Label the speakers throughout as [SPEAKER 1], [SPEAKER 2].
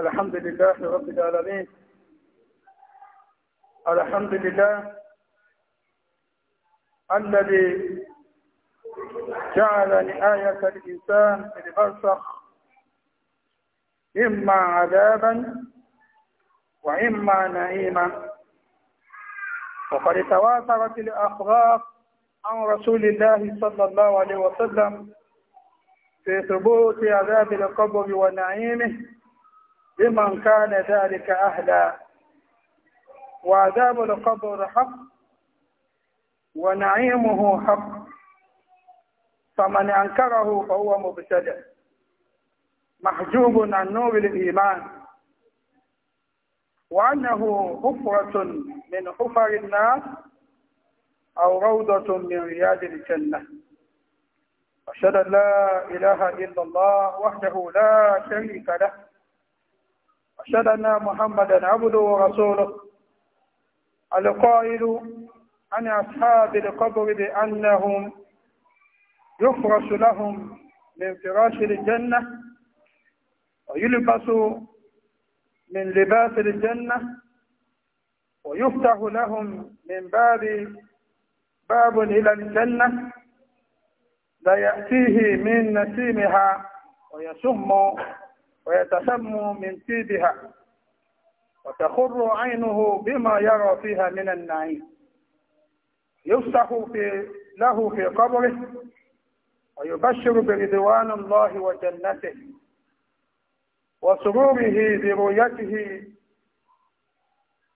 [SPEAKER 1] الحمد لله رب العالمين الحمد لله الذي جعل نهاية الإنسان في البرزخ إما عذابا وإما نعيما وقد تواترت الأخبار عن رسول الله صلى الله عليه وسلم في ثبوت عذاب القبر ونعيمه لمن كان ذلك أهلا وعذاب القبر حق ونعيمه حق فمن أنكره فهو مبتدع محجوب عن نور الإيمان وأنه حفرة من حفر الناس أو روضة من رياض الجنة أشهد أن لا إله إلا الله وحده لا شريك له أشهد أن محمدا عبده ورسوله القائل عن أصحاب القبر بأنهم يفرش لهم من فراش الجنة ويلبس من لباس الجنة ويفتح لهم من باب باب إلى الجنة لا يأتيه من نسيمها ويسم ويتسمى من طيبها وتخر عينه بما يرى فيها من النعيم يفتح في له في قبره ويبشر برضوان الله وجنته وسروره برؤيته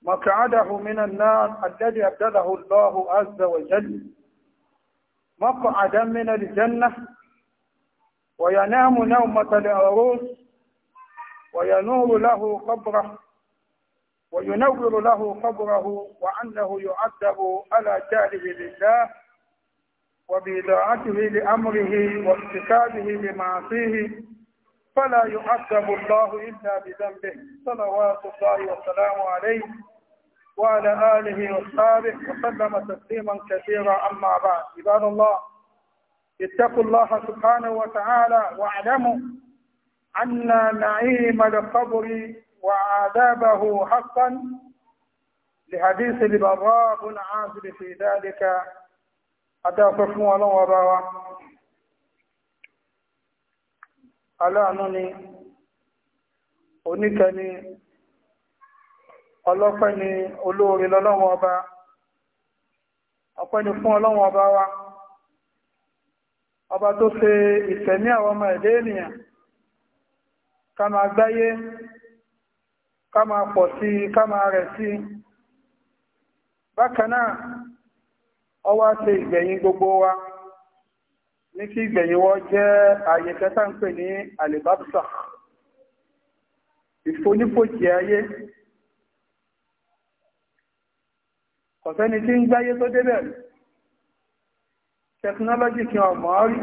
[SPEAKER 1] مقعده من النار الذي أبدله الله عز وجل مقعدا من الجنة وينام نومة العروس وينور له قبره وينور له قبره وأنه يعذب على جهله لله وبإذاعته لأمره وارتكابه لمعصيه فلا يعذب الله إلا بذنبه صلوات الله وسلامه عليه وعلى آله وصحبه وسلم تسليما كثيرا أما بعد عباد الله اتقوا الله سبحانه وتعالى واعلموا أن نعيم القبر وعذابه حقا لحديث البراء بن عازب في ذلك حتى قسموا الله وباوا ألا أنني oníkẹni ọlọ́pẹ́ ni olóore lọ́lọ́wọ́ ọba ọpẹ́ ni fún ọlọ́wọ́ ọba wa ọba tó ṣe ìtẹ̀mí àwọn ọmọ ẹ̀dẹ́ ènìyàn ká máa gbáyé ká máa pọ̀ sí ká máa rẹ̀ sí bákanáà ọwá ṣe ìgbẹ̀yìn gbogbo wa ní kí ìgbẹ̀yìn wọ́n jẹ́ ààyè kẹta ń pè ní alibabsa ìfonífòjì ayé ọ̀sẹ́ni tí ń gbáyé tó débẹ̀ tẹkinọ́lọ́jì tí ọmọ rí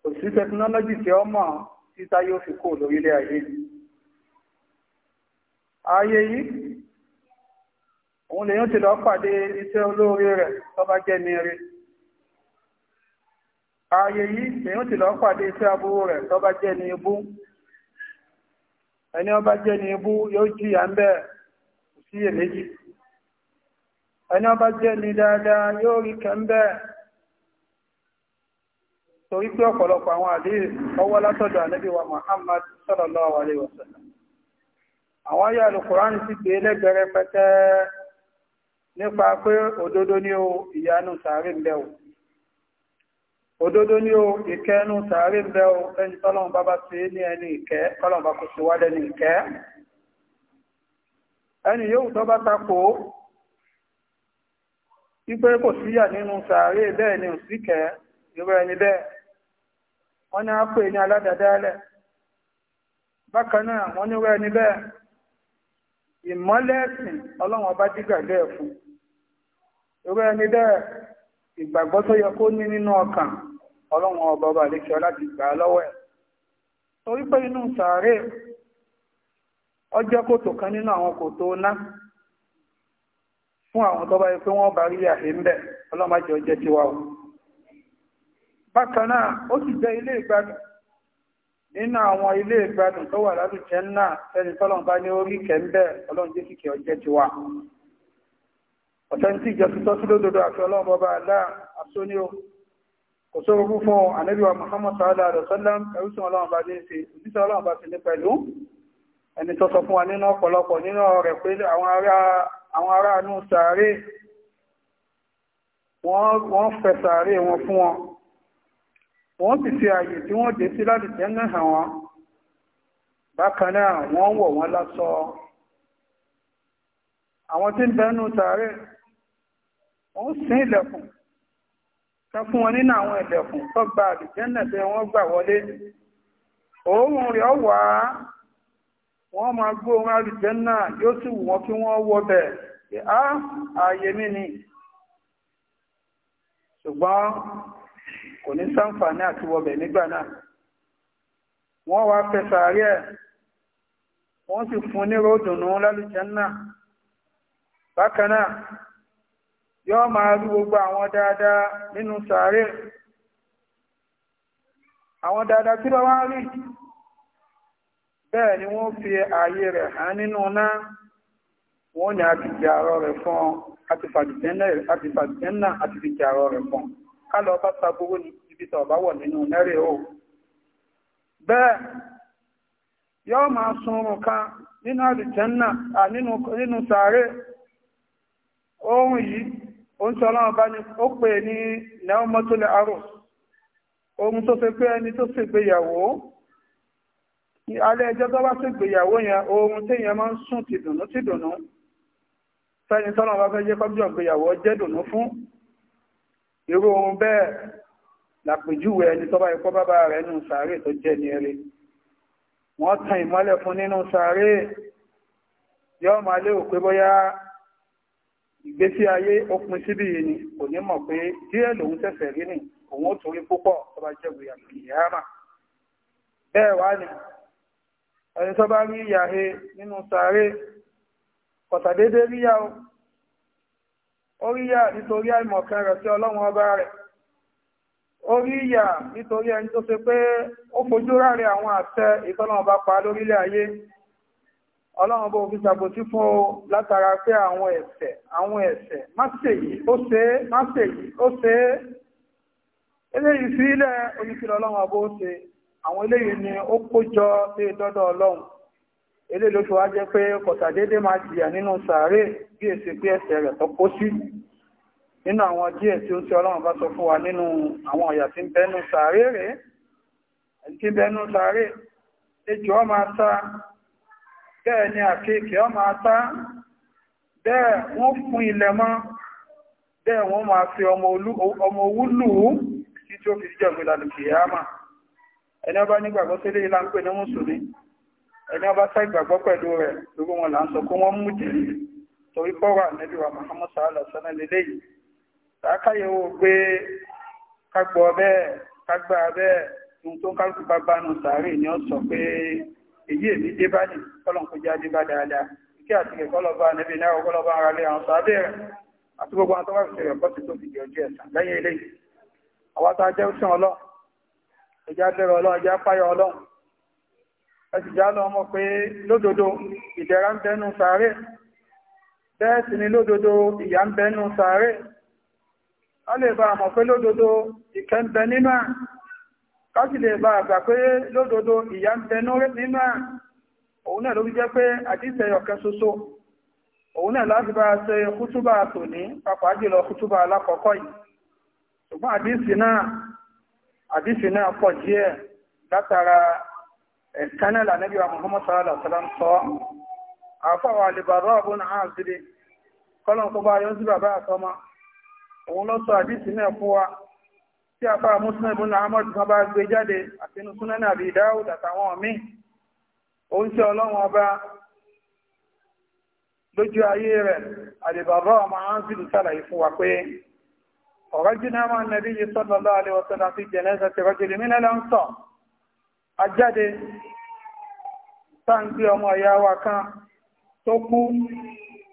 [SPEAKER 1] kò tẹkinọ́lọ́jì tí ọmọ rí títá yóò fi kó lórílẹ̀ ayé ayé yìí òun lèyàn ti lọ pàdé iṣẹ́ olóore rẹ̀ tó bá jẹ́ ní eré ayé yìí lèyàn ti lọ pàdé iṣẹ́ aburú rẹ̀ tó bá jẹ́ ní ibú ẹni ó bá jẹ́ ní ibú yóò jìyà ń bẹ́ẹ̀ sí èméjì ẹni ó bá jẹ́ ní dáadáa yóò rí kẹ́ torí pé ọ̀pọ̀lọpọ̀ àwọn àdé ọwọ́ látọ̀dọ̀ ànábì wa Muhammad sallallahu alaihi wasallam àwọn ayé alùkùránì sì gbé lẹ́gbẹ̀rẹ́ pẹ́tẹ́ nípa pé òdodo ní o ìyanu òdodo ní o ìkẹ́ nú sàárè ẹni bá bá ti ní ẹni ìkẹ́ bá kò sí ní ìkẹ́ ẹni yóò tọ́ bá takò kò síyà wọ́n ní pè ní aládàdálẹ̀ bákan náà wọ́n ni wẹ́ẹ̀ ni ìmọ́lẹ̀ ẹ̀sìn ọlọ́run ọba dígbàgbé ẹ̀ fún irú ẹni bẹ́ẹ̀ ìgbàgbọ́ tó yẹ kó ní nínú ọkàn ọlọ́run ọba ọba àlékè láti gbà á torí pé inú sàárè ọjọ́ kòtò kan nínú àwọn kòtò ná fún àwọn tó bá yẹ pé wọ́n bá rí ń tiwa o. bákan náà ó sì jẹ́ ilé ìgbádùn nínú àwọn ilé ìgbádùn tó wà lálùjẹ́ náà ẹni tọ́lọ́n bá ní orí kẹ́ńbẹ́ ọlọ́run jẹ́ kíkẹ́ ọjẹ́ ti wà ọ̀tẹ́ntì ìjọsìn tọ́sí lódodo àti ọlọ́run bọ́ba àlá àsóní o kò sóró fún fún ànábìwà Muhammad sallallahu alaihi wasallam ẹrúsùn ọlọ́run bá dé wa nínú wọ́n fẹ́ wọn fún wọn wọ́n sì fi ààyè tí wọ́n dé sí láti tẹ́ńgẹ̀ hàn wọ́n bákan náà wọ́n wọ̀ wọ́n lásọ àwọn tí ń bẹnu tààrẹ wọ́n sí ilẹ̀kùn kan fún wọn nínú àwọn ilẹ̀kùn tó gba àlùjẹ́nà tẹ wọ́n gbà wọlé òórùn rẹ̀ wà á wọ́n máa gbóòórùn àlùjẹ́nà yóò sì wù wọ́n kí wọ́n wọ bẹ̀ á ààyè mi ni ṣùgbọ́n kò ní sáǹfààní àti wọbẹ̀ nígbà náà wọ́n wá pẹ̀sàárẹ́ ẹ̀ wọ́n sì fún ní ròdùnú lálùjánnà bákan náà yọ́ máa rí gbogbo àwọn dáadáa nínú sàárẹ́ àwọn dáadáa tí lọ́wọ́ rí bẹ́ẹ̀ ni wọ́n fi ààyè rẹ̀ hàn nínú náà wọ́n ní àti jàrọ rẹ̀ fún àti fàdìjẹ́nà àti fàdìjẹ́nà àti fi jàrọ rẹ̀ fún ká bá tagbowó ní ibi tọ̀ bá wọ̀ nínú nẹ́rẹ̀ o bẹ́ẹ̀ yọ́ ma sunrun kan nínú àlùjànnà nínú sàárè ohun yìí oun tí ọlọ́run bá ní ó pè ní neomotola arrows ohun tó fẹ́ pé ẹni tó ṣègbéyàwó alẹ́ ẹjọ́ tó bá ṣègbéyàwó yẹn ohun tí èèyàn máa ń sùn ti dùnú ti dùnú fẹ́ni tọ́lọ́run fún irú ohun bẹ́ẹ̀ làpèjúwe ẹni tọ́ba ikọ́ bàbá rẹ̀ nù sàárè tó jẹ́ ní ẹrẹ wọ́n tan ìmọ́lẹ̀ fún nínú sàárè yọ́ máa lérò pé bóyá ìgbésí ayé òpin síbí ni kò ní mọ̀ pé díẹ̀ lòun tẹ̀sẹ̀ rí nì òun ó torí púpọ̀ tọ́ba jẹ́gbé àkìyàmà bẹ́ẹ̀ wá ni ẹni tọ́ba rí ìyàhe nínú sàárè kọ̀tàdédé ríyà orí yà nítorí àìmọ̀kan rẹ̀ sí ọlọ́run ọba rẹ̀ orí yà nítorí ẹni tó ṣe pé ó fojú àwọn àṣẹ ìtọ́lọ́run pa lórílẹ̀ ayé ọlọ́run fún o látara pé àwọn àwọn ẹ̀ṣẹ̀ má ṣe yìí ó ṣe é má ọlọ́run ọba ó ṣe àwọn eléyìí ni ó kó jọ sí dọ́dọ̀ ọlọ́run ilé ló fi wá jẹ́ pé kọ̀tàdédé máa jìyà nínú sàárè bí èsì pé ẹsẹ̀ rẹ̀ tó kó sí nínú àwọn díẹ̀ tí ó ti ọlọ́run bá sọ fún wa nínú àwọn ọ̀yà tí ń bẹnu sàárè rẹ̀ tí ń bẹnu sàárè ejò ọ máa sá bẹ́ẹ̀ ni àkéèkè ọ máa sá bẹ́ẹ̀ wọ́n fún ilẹ̀ mọ́ bẹ́ẹ̀ wọ́n máa fi ọmọ owú lù ú tí tí ó fi jẹ́ ìgbèlànà kìí àmà ẹni ọba nígbàgbọ́ sílé ìlànà pé ní mùsùlùmí ẹni ọba sá ìgbàgbọ́ pẹ̀lú rẹ̀ lórí wọn là ń sọ pé wọ́n mú jìrì torí pọ́rọ̀ ànẹ́bí wa Muhammad sallallahu alaihi wasallam lélẹ́yìí làákàyẹ̀wò pé kágbọ́ bẹ́ẹ̀ kágbà bẹ́ẹ̀ ohun tó kálukú bá bá nu sàárè ni ó sọ pé èyí èmi dé bá ní kọ́lọ̀ kó jáde bá dáadáa kí àti kẹ̀ kọ́lọ̀ bá ànẹ́bí náà kọ́lọ̀ bá ara lé àwọn sàábẹ̀ rẹ̀ àti gbogbo àwọn tó wà fìṣẹ̀ rẹ̀ bọ́ sí tó fìdí ọjọ́ ẹ̀sán lẹ́yìn eléyìí àwọn tá a jẹ́ òṣìṣẹ́ ọlọ́run ẹjá bẹ̀rẹ̀ ọlọ́run ẹjá páyọ ọlọ́run ẹsìjá lọ mọ̀ pé lódodo ìdẹ̀ra ń bẹnu sàárè bẹ́ẹ̀ sì ni lódodo ìyà ń bẹnu sàárè a lè bá mọ̀ pé lódodo ìkẹ́ ń bẹ nínú à káàkì lè bá àgbà pé lódodo ìyà ń bẹ nínú à òun náà ló fi jẹ́ pé àdíṣẹ́ ọ̀kẹ́ ṣoṣo òun náà láti bá ṣe kútúbà tòní pàápàá jùlọ kútúbà alákọ̀ọ́kọ́ yìí ṣùgbọ́n àdíṣì náà àdíṣì náà pọ̀ díẹ̀ látara كان النبي محمد صلى الله عليه وسلم صلى عفوا لبراء بن عازب قال قبا يوسف بابا سما òun lọ sọ àdísì náà fún wa tí a fà Muslim ibn Ahmad kan bá gbé jáde àtinú Sunan Abi Dawud àtàwọn míì òun tí ọlọ́run ọba lójú ayé rẹ̀ àdìbàbọ̀ ọmọ ánsìlù sàlàyé fún wa pé ọ̀rọ̀ jìnnà máa nẹbí yìí sallallahu alaihi wasallam fi jẹ̀nẹ́sẹ̀ tẹ̀rọ̀ jìnnà mílẹ̀ lọ́n sọ̀rọ̀ ajáde táǹgbé ọmọ ìyá wa kan tó kú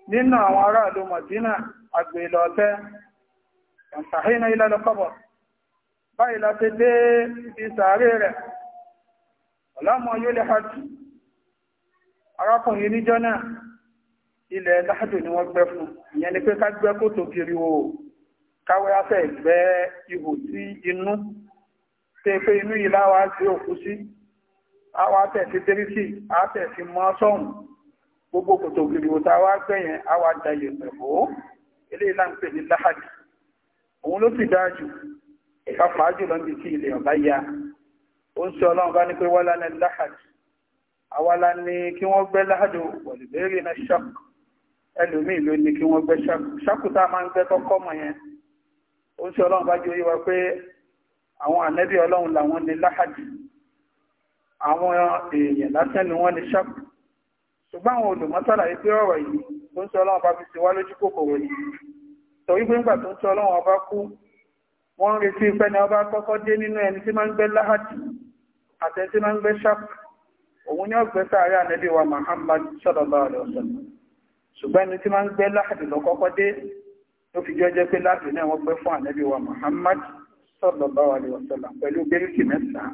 [SPEAKER 1] nínú àwọn aráàlú Madina àgbèlọ́tẹ́ ìtàhínà ilẹ́lọ́kọ́bọ̀ báyìí láti dé ibi sàárè rẹ̀ ọ̀lámọ̀ yóò lè hajjú arákùnrin níjọ́ náà ilẹ̀ láàjò ni wọ́n gbẹ́ fún ìyẹn ni pé ká gbẹ́ kó tó kiri o káwẹ́ afẹ́ gbẹ́ ihò sí inú tẹ́ pé inú yìí láwá sí òkú sí àwọn àtẹ̀sí tírísì àtẹ̀sí mọ́sọ̀hún gbogbo kòtò gbèrèwò tá a wá gbẹ̀yẹn àwọn àdàyè pẹ̀lú eléyìí là ń pè ní láhàdì òun ló sì dáa jù pàápàá jùlọ níbi tí ilẹ̀ ọ̀bá ya ó ń sọ ọlọ́run bá ní pé wọ́n lánàá láhàdì àwa la ní kí àwọn èèyàn lásán ni wọ́n ní ṣọ́pù ṣùgbọ́n àwọn olùmọ́sàlà yìí pé ọ̀rọ̀ yìí tó ń sọ ọlọ́run bá fi ṣe wá lójú kòkòrò yìí sọ wípé ńgbà tó ń sọ ọlọ́run ọba kú wọ́n ń retí pé ní ọba kọ́kọ́ dé nínú ẹni tí máa ń gbé láhàtì àtẹni tí máa ń gbé ṣọ́pù òun ni ọgbẹ́ sáré ànẹ́bí wa Muhammad sallallahu alaihi wasallam ṣùgbọ́n ẹni tí máa ń gbé láhàtì lọ kọ́kọ́ dé ló fi jẹ́ pé láti náà wọ́n gbé fún ànẹ́bí wa Muhammad sallallahu alaihi wasallam pẹ̀lú bẹ́ríkì mẹ́sàn-án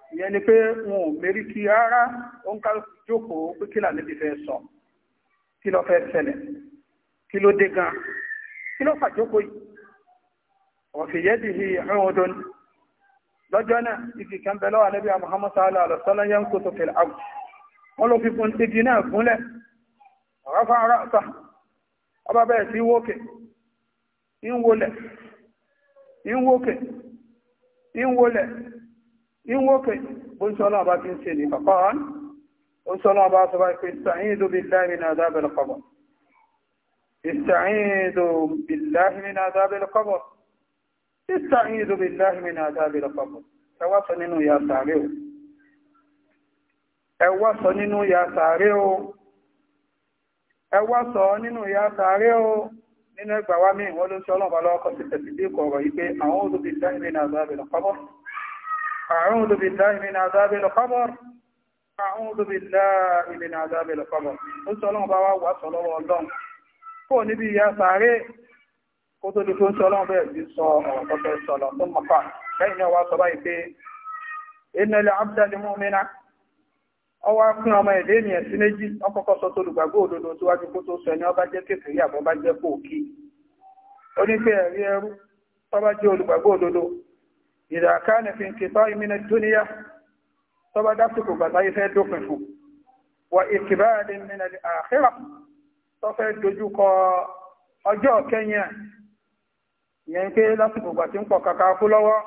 [SPEAKER 1] ìyẹn ni pé wọn ò mérí kí rárá ó ń jókòó pé kí sọ kí lọ fẹ́ sẹlẹ̀ kí ló dé gan kí ló fàjókòó yìí ọ̀fìyẹ́dì ìhìn ọdún lọ́jọ́ náà ibi kan bẹ lọ́wọ́ alẹ́bí Muhammad sallallahu alaihi wasallam yẹn kò tó fẹ̀lẹ̀ àwù wọ́n ló fi gun igi náà gúnlẹ̀ ọ̀rọ̀fà ara ọ̀sà ọba bẹ́ẹ̀ sí wókè ń wọlẹ̀ ń wókè ń wọlẹ̀ ìwọ́kẹ̀ oúnṣọ́lá bá ti ń ṣe ní pàpáwán oúnṣọ́lá bá sọ bá pé ìsàáyídò billahi min azabil qabr ìsàáyídò billahi min azabil qabr ìsàáyídò billahi min azabil qabr ẹ wá sọ nínú ya sàárẹ́ o ẹ wá ya sàárẹ́ o ẹ wá ya sàárẹ́ o nínú ẹgbàwá mi ìwọ́n ló ṣọ́lọ́ أعوذ بالله من عذاب القبر أعوذ بالله من عذاب القبر ó sọ ọlọ́run bá wá wà sọ lọ́wọ́ ọlọ́run kó níbi ìyà sàárè kó tó di tó ń sọ ọlọ́run bẹ́ẹ̀ bí sọ ọ̀rọ̀ tó fẹ́ sọ lọ tó mọ̀ fà lẹ́yìn náà wá sọ báyìí pé إذا كان في انقطاع من الدنيا تبدأتك بطيف دقف وإقبال من الآخرة تفدجك ọjọ́ kẹyìn yẹn pé lásìkò gbà tí ń pọ̀ kàkà kú lọ́wọ́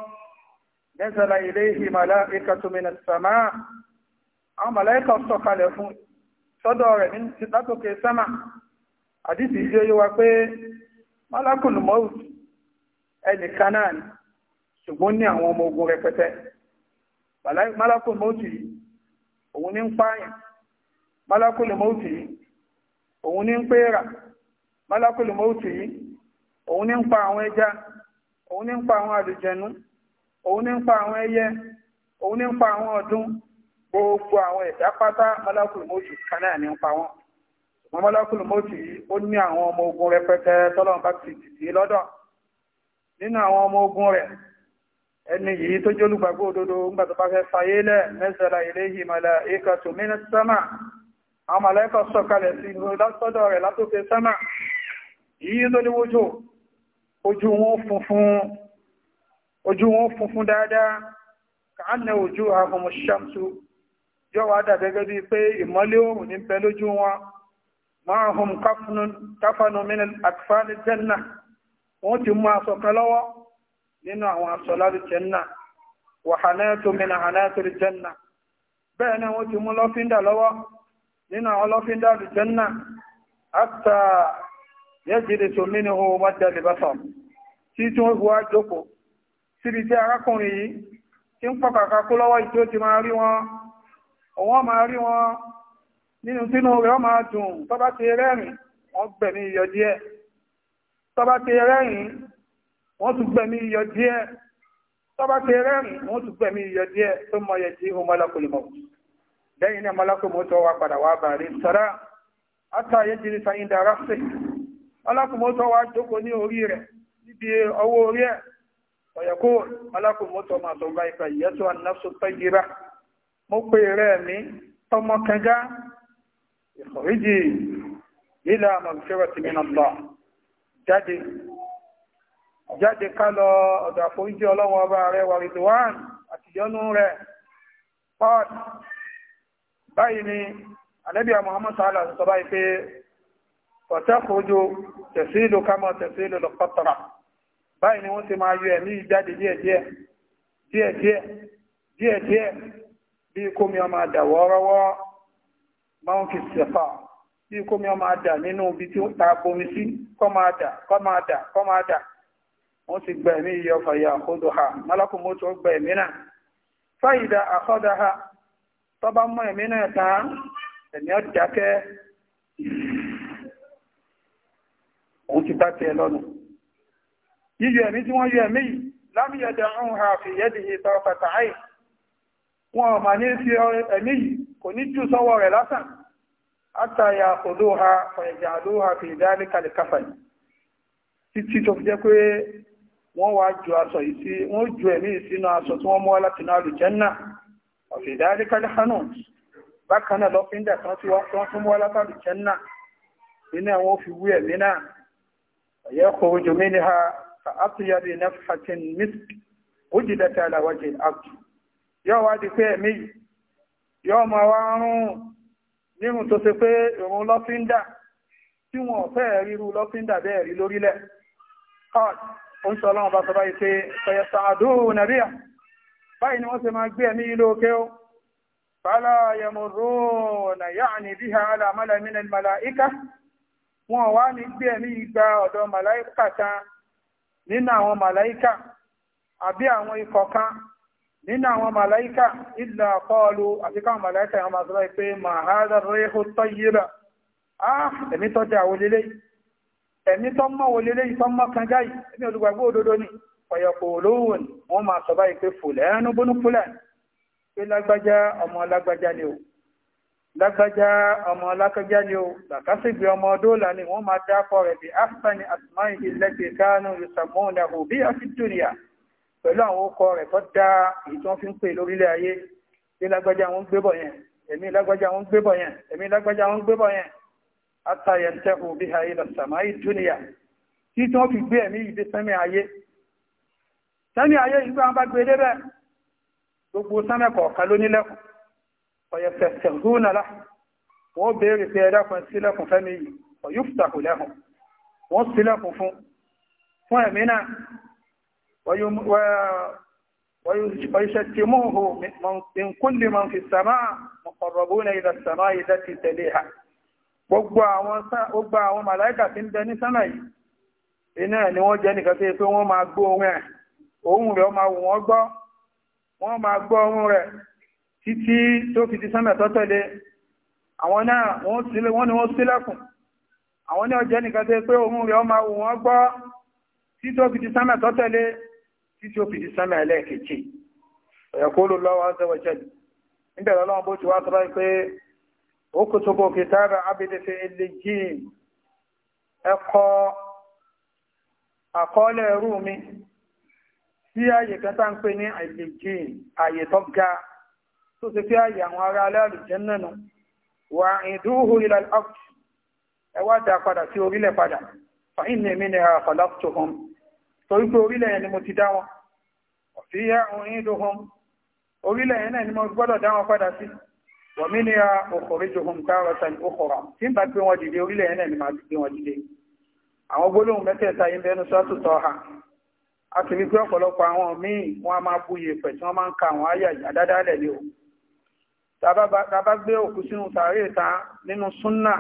[SPEAKER 1] nẹ́sàlá ilé ìhìmàlá ìkàtòmìnà sàmà àwọn màláìkà sọ̀kalẹ̀ fún sọ́dọ̀ rẹ̀ ní látòkè sẹ́mà àdìsí ìjọ yíwa pé málákùnù mọ́ùtù ẹnìkan náà ni ṣùgbọ́n ní àwọn ọmọ ogun rẹpẹtẹ malakul mọ́tì òun ní ń pààyàn malakul òun ní ń pèèrà malakul òun ní ń pa àwọn ẹja òun ní ń pa àwọn àlùjẹnú òun ní ń pa àwọn ẹyẹ òun ní ń pa àwọn ọdún gbogbo àwọn ẹ̀dá pátá malakul mọ́tì ní ń pa wọn wọn otu yi ó ní àwọn ọmọ ogun rẹpẹtẹ ti lọ́dọ̀ ẹni yìí tó jẹ́ olùgbàgbọ́ òdodo ńgbà tó bá fẹ́ fayé lẹ̀ nazala ilayhi malaikatu minas sama àwọn màláìkà sọ̀kalẹ̀ sí lọ́sọ́dọ̀ rẹ̀ látòkè sama yìí tó níwójò ojú wọn funfun ojú wọn funfun dáadáa kàánà ojú ahùnmù sàmsù yọ́wà dàbẹ́gẹ́ bí pé ìmọ́lé oòrùn ní bẹ lójú wọn nínú àwọn asọ́láàdì jẹ́nà wàhánẹ́tò mìnà hánẹ́tò jẹ́nà bẹ́ẹ̀ ni wọ́n ti mú lọ́fíndà lọ́wọ́ nínú àwọn lọ́fíndà jẹ́nà àtà yẹ́jìdì tó mí ni ó wọ́n jẹ́ libasa tí tí wọ́n wá jókòó síbi tí arákùnrin yìí tí ń pọ̀kàkà kú lọ́wọ́ ìjó ti máa rí wọn òun máa rí wọn nínú sínú rẹ̀ máa dùn tọ́bá ti rẹ́rìn wọ́n gbẹ̀mí yọ díẹ̀ tọ́bá ti rẹ́rìn wọ́n tún gbẹ̀mí iyọ̀ díẹ̀ tọ́ba ti rẹ́rìn wọ́n tún gbẹ̀mí iyọ̀ díẹ̀ tó mọ yẹ tí ohun malakul maut lẹ́yìn náà malakul maut tó wá padà wá bàrí sara ata ayé jìnnì sáyìn dára sí malakul maut tó wá jókòó ní orí rẹ̀ níbi ọwọ́ orí ẹ̀ ọ̀yẹ̀kó malakul máa sọ gba ìfà ìyẹ́tò an-nafsu mo pè rẹ̀ mí tọmọ kẹgá ìkọ̀ríjì ila maghfirati min Allah jáde jáde ká lọ ọ̀dọ̀ àforíjì ọlọ́run ọba rẹ̀ wà rìdíwán àtìyọ́nú rẹ̀ paul báyìí ni ànábìà muhammad sallá sọ báyìí pé ọ̀tẹ́kùnjú tẹ̀sílù kámọ̀ tẹ̀sílù lọ́pọ̀tọ̀rà báyìí ni wọ́n ti máa yọ ẹ̀mí jáde díẹ̀díẹ̀ díẹ̀díẹ̀ díẹ̀díẹ̀ bí kómi ọmọ àdà wọ́ọ́rọ́wọ́ mọ́ǹkì sẹ̀fà bí kómi ọmọ àdà nínú ibi tí ó ta bomi wọ́n ti gba ẹ̀mí yìí ọfà ha malakú mọ́tò gba ẹ̀mí náà fáyidà ha tọ́ba mọ́ ẹ̀mí náà tán ẹ̀mí ọ̀jákẹ́ òun ti bá yíyọ ẹ̀mí tí wọ́n yọ ẹ̀mí yìí lámìyàjà ń ha fìyẹ́dì ìta àì wọn ní fi ẹ̀mí yìí kò ní jù sọ́wọ́ rẹ̀ lásán àtàyà ha ọ̀ẹ̀jà àdó ha fìdálẹ́kàlẹ̀ káfà yìí títí tó fi jẹ́ pé wọ́n wá ju aṣọ ìsí wọ́n ju ẹ̀mí ìsínú aṣọ tí wọ́n mọ́ láti náà lùjẹ́nà ọ̀fẹ̀dárí kálífánù bákan náà lọ́fíńdà kan tí wọ́n tún mọ́ látà lùjẹ́nà iná wọn fi wú ẹ̀mí náà ọ̀yẹ́ kò ojú mi ní ha àtúnyàbí nafhatin misk ó jì dẹ́ta aláwọ̀jẹ̀ àtú yóò wá di pé ẹ̀mí yóò máa wá rún nírun tó ṣe ń sọ ọlọ́run bá sọ báyìí pé fẹ̀yẹ̀sà àdúhù nàbíyà báyìí ni wọ́n ṣe máa gbé ẹ̀mí ilé òkè ó fàálà yẹmọ̀rọ̀nà yáàni bí i àlà mọ́lẹ̀mínà màláíkà wọn wá ní gbé ẹ̀mí igba ọ̀dọ̀ màláíkà kan nínú àwọn màláíkà àbí àwọn ikọ̀ kan nínú àwọn màláíkà ìlà kọlu àti káwọn màláíkà yẹn máa sọ báyìí pé màhálà rẹ̀ ẹ̀mí tó mọ́ wo lélẹ́ tó mọ́ kan jáì ẹ̀mí olùgbàgbọ́ òdodo ni ọ̀yọ̀pọ̀ olóhùn wọn máa sọ báyìí pé fòlẹ̀ ẹnu bónú pé lágbájá ọmọ lágbájá ni o lágbájá ọmọ lágbájá ni o làkásìgbè ọmọ dóòlà ni wọn máa dákọ rẹ bí afsani asmai ilẹgbẹ kánú yusamuna òbí afidúnìyà pẹ̀lú àwọn okọ rẹ tó dá èyí tí wọn fi ń pè lórílẹ̀ ayé pé lágbájá wọn gbébọ yẹn ẹ̀mí lágbájá wọn gbébọ yẹn ẹ̀mí lágbájá wọn gbébọ yẹn àtàyẹ̀ntẹ́ òbí ha ilẹ̀ sàmà ìdúnìyà tí tó fi gbé ẹ̀mí ìdí sẹ́mi ayé sẹ́mi ayé ìgbà wọn bá gbé débẹ̀ gbogbo sẹ́mẹ̀ kọ̀ọ̀kan ló nílẹ̀kùn ọ̀yẹ̀ fẹ̀sẹ̀ gúnnàlá wọ́n béèrè pé ẹlẹ́kùn sílẹ̀kùn fẹ́mi yìí ọ̀yúfùtàkù lẹ́hùn wọ́n sílẹ̀kùn fún fún ẹ̀mí náà ويشتموه من كل من في السماء مقربون إلى السماء التي تليها gbogbo àwọn màláìkà tí ń bẹ ní sánà yìí iná ẹ̀ ni wọ́n jẹ́ nìkan tí wọ́n ohun ẹ̀ ohun rẹ̀ wù wọ́n gbọ́ wọ́n gbọ́ ohun rẹ̀ títí tó fi ti sánà tó àwọn náà wọ́n ni wọ́n ṣílẹ̀kùn àwọn náà jẹ́ nìkan tí pé ohun rẹ̀ máa wù wọ́n gbọ́ títí tó fi ti sánà fi ti اكتبوا كتاب عبد في اللجين ẹ̀kọ́ àkọọ́lẹ̀ ẹrú mi sí ààyè kan tá ń pè ní àìlèjìn ààyè tó ga tó ti fi ààyè àwọn ará aláàlú jẹ́ nánà wà ìdúhù ilẹ̀ ọ̀pù ẹwà dá padà sí orílẹ̀ padà fàyín ní èmi ní ara ni mo gbọ́dọ̀ dá padà sí wọ̀mínira òkòrí johun tààrọ̀ta òkòrà tí ń bá gbé wọn dìde orílẹ̀ ẹ̀nà ni máa gbé wọn dìde àwọn gbólóhùn mẹ́tẹ̀ẹ̀ta yìí bẹnu sọ́tù tọ́ ha a sì rí pé ọ̀pọ̀lọpọ̀ àwọn míì wọn a máa bu yèèpẹ̀ tí wọ́n máa ń ka àwọn àyà àdádálẹ̀ ni o tàbá gbé òkú sínú tààrí ìta nínú súnnà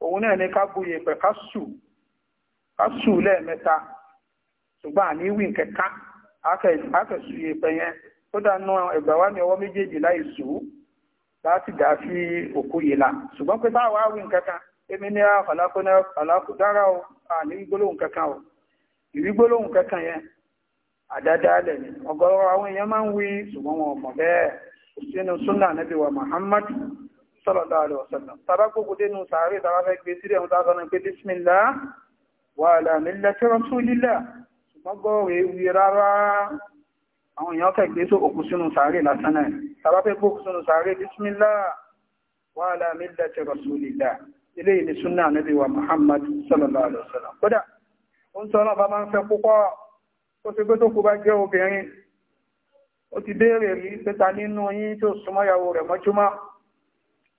[SPEAKER 1] òun náà ni ká bu yèèpẹ̀ ká sù lẹ́ẹ̀mẹ́ta ṣùgbọ́n àní wí nkẹ̀ká akẹ̀sù yèèpẹ̀ yẹn kódà nú ẹgbẹ̀wá ní ọwọ́ méjèèjì láì sùú láti dá sí òkú yìí la ṣùgbọ́n pé táwa wí nǹkan kan èmi ní àlàkùdára o àní gbólóhùn kankan o ìrí gbólóhùn kankan yẹn àdádálẹ̀ ni ọ̀gọ̀rọ̀ àwọn èèyàn máa ń wí ṣùgbọ́n wọn mọ̀ bẹ́ẹ̀ sínú súnà nàbí wa Muhammad sallallahu alaihi wasallam tàbá gbogbo dénú sàárè tàbá fẹ́ gbé sílẹ̀ ohun tàbá pé bismillah wa ala millati rasulillah ṣùgbọ́n gbọ́ tàbáfẹ́ bókù sínú sàárè bísmílá wà aláàmìlẹ̀ ti rasulillah ilé ìní súnà níbi wa muhammad sallallahu alaihi wasallam kódà ó ń sọ náà bá máa ń fẹ́ púpọ̀ ó ti gbé tó kú bá jẹ́ obìnrin ó ti béèrè rí pẹ́ta nínú yín tí ó súnmọ́ ìyàwó rẹ̀ mọ́júmọ́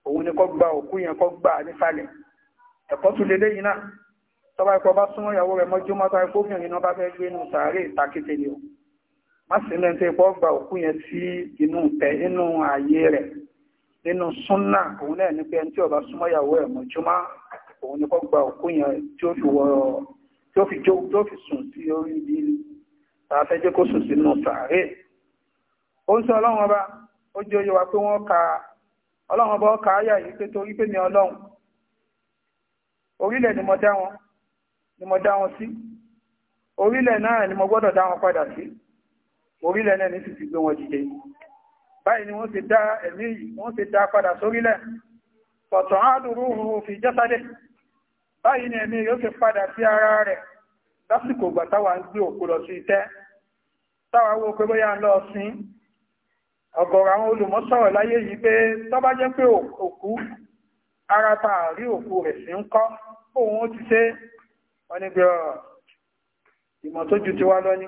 [SPEAKER 1] òun ni kọ́ gba òkú yẹn kọ́ gbà nífàlẹ̀ ẹ̀kọ́ tún lélẹ́ náà tọ́ba ikọ̀ bá súnmọ́ ìyàwó rẹ̀ mọ́júmọ́ tọ́ mọ́sílẹ̀ tó ipọ́ gba òkú yẹn sí inú tẹ inú ààyè rẹ̀ nínú súnnà òun náà ní pé ẹni tí ó bá súnmọ́ ìyàwó ẹ̀ mọ́júmọ́ òun ni kọ́ gba òkú yẹn tí ó fi wọ tí ó fi jó tó fi sùn sí orí ibi àfẹ́jẹ́ kó sùn sínú sàárè ó ń sọ ọlọ́run ọba ó jẹ́ oyè wa pé wọ́n ka ọlọ́run ọba ọkà áyà yìí pé torí pé mi ọlọ́run orílẹ̀ ni mo dá wọn ni mo dá wọn sí orílẹ̀ náà ni mo gbọ́dọ̀ dá wọn padà sí orílẹ̀ náà ní sì ti gbé wọn dìde báyìí ni wọ́n ti dá ẹ̀mí yìí wọ́n ti dá padà sórílẹ̀ tọ̀tọ̀ ádùrúhù fi jásádé báyìí ni ẹ̀mí yóò ti padà sí ara rẹ̀ lásìkò ìgbà táwa ń gbé òkú lọ sí itẹ́ táwa wo pé bóyá ń lọ sin ọ̀gọ̀rọ̀ àwọn olùmọ́sọ̀rọ̀ láyé yìí pé tó bá jẹ́ pé òkú ara ta àrí òkú rẹ̀ sí ń kọ́ òun ó ti ṣe wọ́n ní bí ọ̀rọ̀ ìmọ̀ tó ju tiwa lọ ni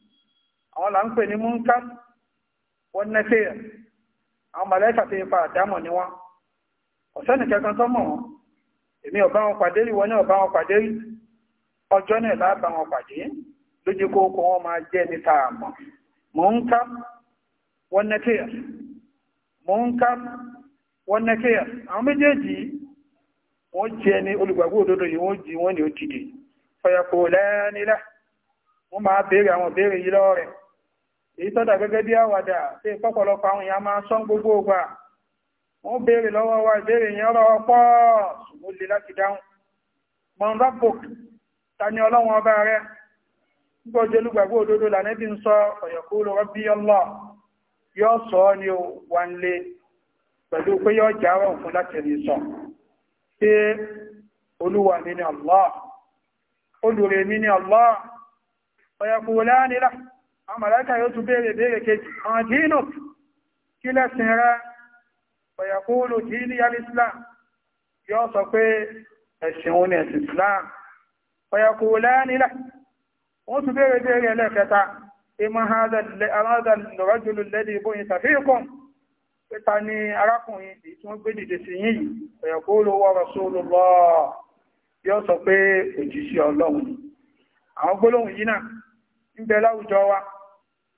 [SPEAKER 1] àwọn là ń pè ní munkar wọn nẹ́fẹ́ ẹ̀ àwọn mọ̀lẹ́kà tó ipa àdámọ̀ ni wọ́n ọ̀sẹ́nì kẹkan tó mọ̀ wọn èmi ọ̀bá wọn pàdé rí wọn ní ọ̀bá wọn pàdé rí ọjọ́ náà láàbá wọn pàdé lójú kókó wọn máa jẹ́ ní tààmọ̀ munkar wọn nẹ́fẹ́ ẹ̀ munkar wọn nẹ́fẹ́ ẹ̀ àwọn méjèèjì wọ́n jẹ́ ní olùgbàgbọ́ òdodo yìí wọ́n jí wọ́n ni ó dìde fọyàkó lẹ́ẹ̀nílẹ̀ wọ́n máa béèrè àwọn béèrè yìí lọ́rẹ̀ẹ́ èyí tọ́dà gẹ́gẹ́ bí àwàdà tí ìpọ́pọ̀lọpọ̀ àwọn èèyàn máa sán gbogbo ògbà wọ́n béèrè lọ́wọ́ wa ìbéèrè yẹn rọ ọpọ́ ṣùgbọ́n lè láti dáhùn mọ̀n ta ni ọlọ́run ọba rẹ nígbà ojú òdodo ń sọ ọ̀yọ̀kú ọlọ́ yóò sọ ọ́ ni wà ń lé pẹ̀lú pé yóò rọ̀ sọ pé olúwa mi ni Allah olùrè mi ni Allah ọ̀yọ̀kú àmàlẹ́kà yóò tún béèrè béèrè kejì àwọn dínú kí lẹ́sìn rẹ̀ pẹ̀yàkúrò dínú yàrí islam yóò sọ pé ẹ̀sìn òun ẹ̀sìn islam pẹ̀yàkúrò lẹ́nilẹ̀ wọ́n tún béèrè béèrè ẹlẹ́kẹta ìmọ̀ àádọ́ lọ́rọ́jùlù lẹ́dí ìbò yìí tàbí ìkùn pípa ní arákùnrin èyí tí wọ́n gbé àwọn gbólóhùn yìí ń bẹ láwùjọ wa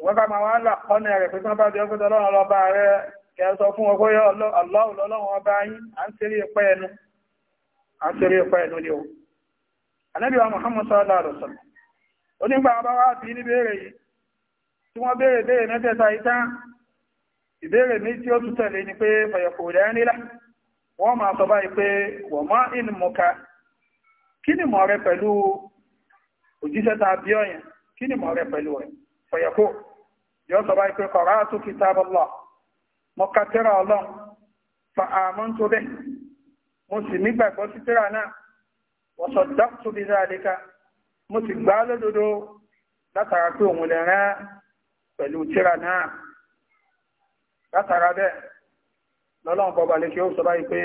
[SPEAKER 1] ṣùgbọ́n ká máa wá là ọ́nà rẹ̀ pé tán bá jẹ́ pẹ́tọ́ lọ́wọ́ lọ́ba rẹ̀ kẹ́ sọ fún wọn bóyá ọlọ́run lọ́wọ́ ọba yín à ń ṣeré ẹ̀pẹ́ ẹnu à ń ṣeré ẹ̀pẹ́ ẹnu ni o ànábì wa Muhammad sallallahu alaihi wasallam onígbà wọn bá wá bí ní béèrè yìí tí wọ́n béèrè béèrè mẹ́tẹ̀ẹ̀ta yìí tán ìbéèrè mi tí ó tún tẹ̀lé ni pé fẹ̀yẹ̀kọ̀ rẹ̀ nílá wọ́n máa sọ báyìí pé wọ́n mọ́ inú mọ́ka kí ni mọ̀ rẹ pẹ̀lú òjíṣẹ́ ta kí ni mọ̀ rẹ pẹ̀lú rẹ̀ fẹ̀yẹ̀kọ̀ yóò sọ báyìí pé qara'tu kitaballah mo ka tírà ọlọ́run fa amantu bih mo sì nígbàgbọ́ sí tírà náà wa saddaqtu bi dhalika mo sì gbà á lódodo látara pé òun lè rán pẹ̀lú tírà náà látara bẹ́ẹ̀ lọ́lọ́run bọ́ba lè kí ó sọ báyìí pé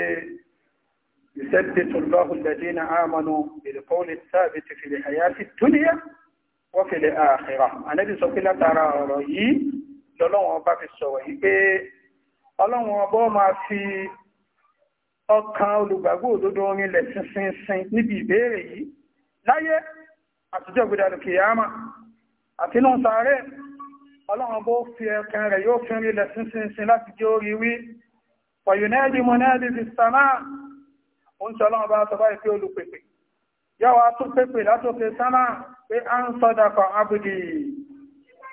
[SPEAKER 1] yusabbitu Allahu alladhina amanu bil qawli thabiti fil hayati dunya wọ́n fi lè àkìrà ànábì sọ pé látara ọ̀rọ̀ yìí lọ́lọ́wọ́n bá fi sọ̀rọ̀ yìí pé ọlọ́wọ́n bọ́ máa fi ọkàn olùgbàgbọ́ òdodo orinlẹ̀ sísinsin níbi ìbéèrè yìí láyé àtijọ́ ìgbèdàlù kìyàmà àti inú sàárè ọlọ́wọ́n bó fi ẹkàn rẹ̀ yóò fi orinlẹ̀ sísinsin láti jẹ́ orí wí pọ̀yùnẹ́ẹ̀dì mọ̀nẹ́ẹ̀dì fi sàmà oúnjẹ ọlọ́wọ́n bá sọ báyìí pé olùpèpè yàwó atúnpépè látòkè sánà pé a ń sọ́dà kan abúdí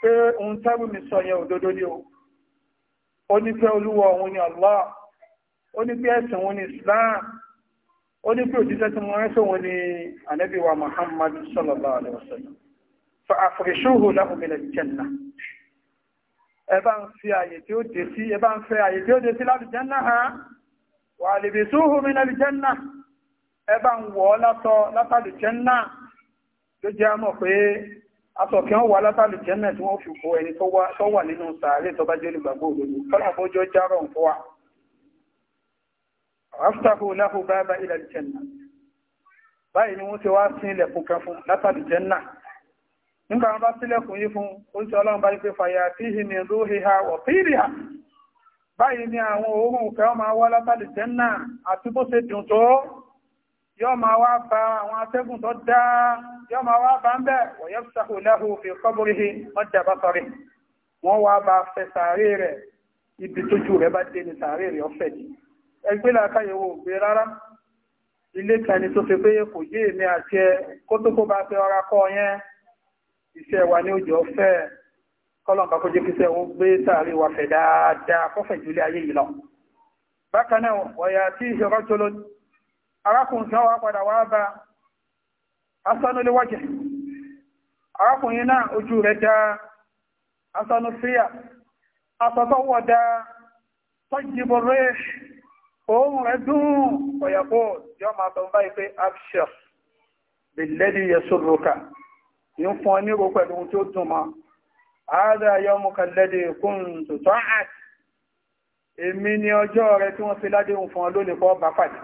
[SPEAKER 1] pé òun tẹ́rù mi sọ yẹ òdodo ni o ó ní pé olúwa òun ni Allah ó ní pé ẹ̀sìn òun ni Islam ó ní pé òjíṣẹ́ tí wọ́n rẹ́sẹ̀ òun ni Ànábì wa Muhammad sallallahu fa àfìrìṣúhù lahu min ẹ bá ń fẹ́ àyè tí ó dé sí láti ha wà lè bè súhù min al ẹbá ń wọ̀ látọ̀ látàlùjẹ́ náà ló jẹ́ àmọ̀ pé atọ̀kẹ́ wọ́n wà tí fi ẹni tó wà nínú sàárè tó bá jẹ́ olùgbàgbọ́ òdodo kọ́làbọ́jọ́ járọ̀ ń fọ́ wa ila báyìí ni wọ́n ti wá sí kan fún nígbà wọn bá yìí fún oúnjẹ bá pé fàyà tí ni àwọn òórùn wá àti bó ṣe dùn yóò máa wá bá àwọn atẹ́gùn tó dáa yóò máa wá bá ń bẹ̀ wọ̀yẹ́ sàkó lẹ́hu fi kọ́bùrìhì wọ́n dàbà sọ̀rì wọ́n wá bá fẹ́ sàárè rẹ̀ ibi tójú rẹ̀ bá dé ní sàárè rẹ̀ ọ̀fẹ́ ni ẹgbẹ́ làákàyè wo gbé rárá ilé tani tó fi pé kò yé èmi àti ẹ kó tó kó bá fẹ́ ọra kọ́ yẹn iṣẹ́ wa ní òjò ọ̀fẹ́ kọ́lọ̀ kó jẹ́ kíṣẹ́ wọn gbé sàárè wa fẹ̀ dáadáa kọ́fẹ̀ jùlẹ̀ ayé yìí lọ bákan náà wọ̀yà tí ìṣòro tó lónìí arákùnrin kan wá padà wá bá asánúléwájẹ̀ arákùnrin náà ojú rẹ̀ dá asánúfíà asọ́tọ́wọ́ dá tọ́jìbọ̀ rẹ̀ ohun rẹ̀ dùn ọ̀yàpọ̀ yọ máa tọ́ bá ipé abshir bèlẹ́dì yẹsùrùkà ní fún ọ ní ro pẹ̀lú ohun tí ó dùn mọ́ àádọ́ ayọ́mùkà lẹ́dì kún tòtọ́ àti èmi ni ọjọ́ rẹ̀ tí wọ́n fi ládéhùn fún ọ bá pàdé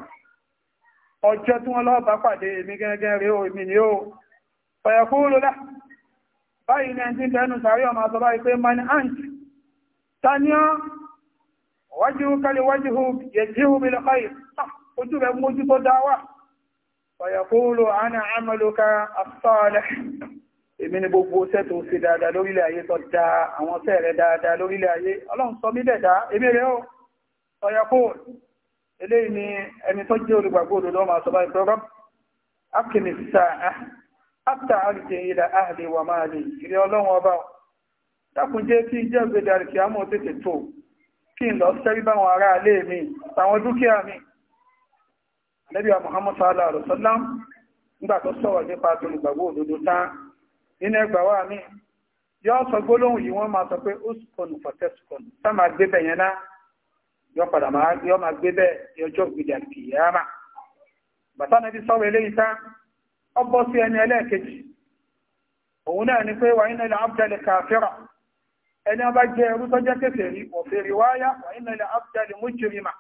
[SPEAKER 1] ọjọ́ tí wọ́n lọ́ọ́ bá pàdé èmi gẹ́gẹ́ rí o èmi ni ó ọ̀yẹ̀kú lọ́lá báyìí ní ẹni tẹ́nu sàárì ọmọ àtọ́bá ìpé mani ant taniọ́ wájú kálí wájú yẹjíhù bí lọ́kọ́ ojú rẹ̀ mójú tó dáwà ọ̀yẹ̀kú lọ àánà àmàlùkà àtọ́ọ̀lẹ̀ èmi eléyìí ni ẹni tó jẹ́ olùgbàgbọ́ òdòdó máa sọ báyìí pẹ́rọ akìní sáà áfta àrìjẹ ilẹ̀ ahli wa mali ìrẹ́ ọlọ́run ọba dákun jẹ́ kí jẹ́ ògbèdè àrìkì àmọ́ tètè tó kí n lọ sẹ́rí báwọn ará alé mi àtàwọn dúkìá mi lẹ́bíà muhammad sallallahu alaihi nígbà tó sọ̀rọ̀ nípa tó olùgbàgbọ́ tán nínú ẹgbà wà mí yọ́ sọ gbólóhùn yìí wọ́n máa sọ pé ó sùkọ̀nù fọ̀tẹ́sùkọ̀nù sá yọ padà máa yọ máa gbé bẹ́ẹ̀ ní ọjọ́ ìgbèdè àkìyàmà bàtà nàbí sọ̀rọ̀ eléyìí tá ọ bọ́ sí ẹni ẹlẹ́ẹ̀kejì òun náà ni pé wàá iná ilẹ̀ abdalẹ̀ kàfẹ́rà ẹni ọba jẹ́ ẹrú tó jẹ́ kèfèrí òfèrè wáyá wàá iná ilẹ̀ abdalẹ̀ mújìrìmà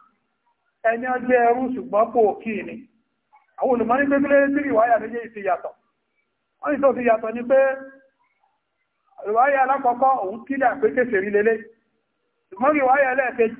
[SPEAKER 1] ẹni ọjẹ́ ẹrú ṣùgbọ́n kò kí ni àwọn olùmọ́ ní gbégbélé sí ìwáyà méjèèjì ti yàtọ̀ wọ́n ìtò ti yàtọ̀ ni pé ìwáyà alákọ̀ọ́kọ́ òun kílẹ̀ àpékèfèrí lélẹ́ ṣùgbọ́n ìwáyà ẹlẹ́ẹ̀kejì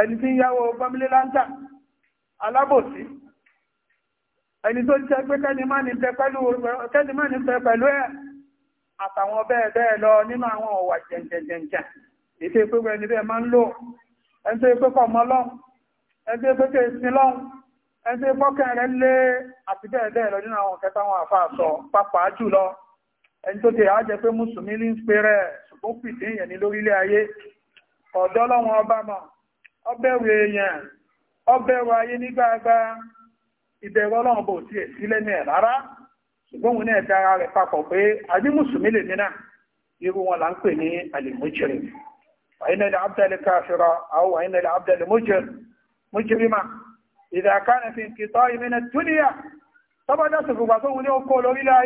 [SPEAKER 1] ẹni tí ń yáwó bámílé láńtà alábòsí ẹni tó jẹ́ pé kẹ́ni má ní fẹ́ pẹ̀lú ẹ̀ àtàwọn bẹ́ẹ̀ bẹ́ẹ̀ lọ nínú àwọn ọ̀wà jẹ̀ǹjẹ̀ǹjẹ̀ ètò ìpéwò ẹni bẹ́ẹ̀ máa ń lò ẹni tó pé kọ̀ mọ́ lọ́n ẹni tó pé kẹ́ sí lọ́n ẹni tó pọ́kẹ́ rẹ̀ lé àti bẹ́ẹ̀ bẹ́ẹ̀ lọ nínú àwọn kẹta àwọn àfáà sọ pàápàá jùlọ ẹni tó ti àájẹ pé mùsùlùmí ní ń pe rẹ̀ ṣùgbọ́n pìdí ìyẹn ní lórílẹ̀ ayé ọ̀dọ́ lọ́wọ́n ọba mọ̀ ọbẹ̀rù èèyàn ọbẹ̀rù ayé ní gbàgbà ìbẹ̀rù ọlọ́run bò tiẹ̀ sílẹ̀ ní ẹ̀ rárá ṣùgbọ́n òun náà dára rẹ̀ papọ̀ pé àbí mùsùlùmí lè ní náà irú wọn là ń pè ní àlèmójìrì àyínàlè abdalè káfíra àwọn àyínàlè abdalè mójìrì mà ìdàkánà fi kìtọ́ ìmìnà túnìyà tọ́bọ́dá sùgbùgbà tó wùn ní okó lórílẹ̀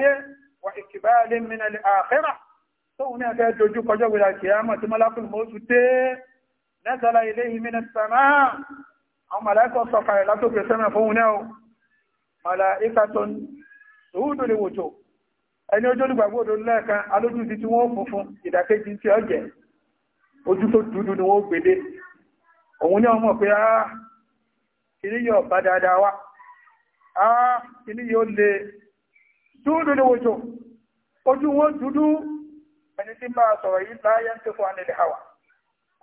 [SPEAKER 1] kọjọ́ wìlà kìyàmọ̀ tí mọ́lákùn mọ́ nẹ́tọ́lá ilé ìmìnà sàmá àwọn mọ̀láíkọ̀ sọ̀kàrẹ̀ látòkè sẹ́mẹ̀ fún un náà mọ̀lá ìkàtún ṣùúdù lè wòjò ẹni ojú olùgbàgbò odò lẹ́ẹ̀kan alójú ti tí wọ́n funfun ìdàkejì tí ó jẹ́ ojú tó dúdú ni wọ́n gbélé òun ní ọmọ pé ah kìí yọ bá dáadáa wá ah kìí yóò lè ṣùúdù lè wòjò ojú wọn dúdú ẹni tí bá sọ̀rọ̀ yìí láyé ń tẹ́kọ̀ọ́ nílẹ̀ àwà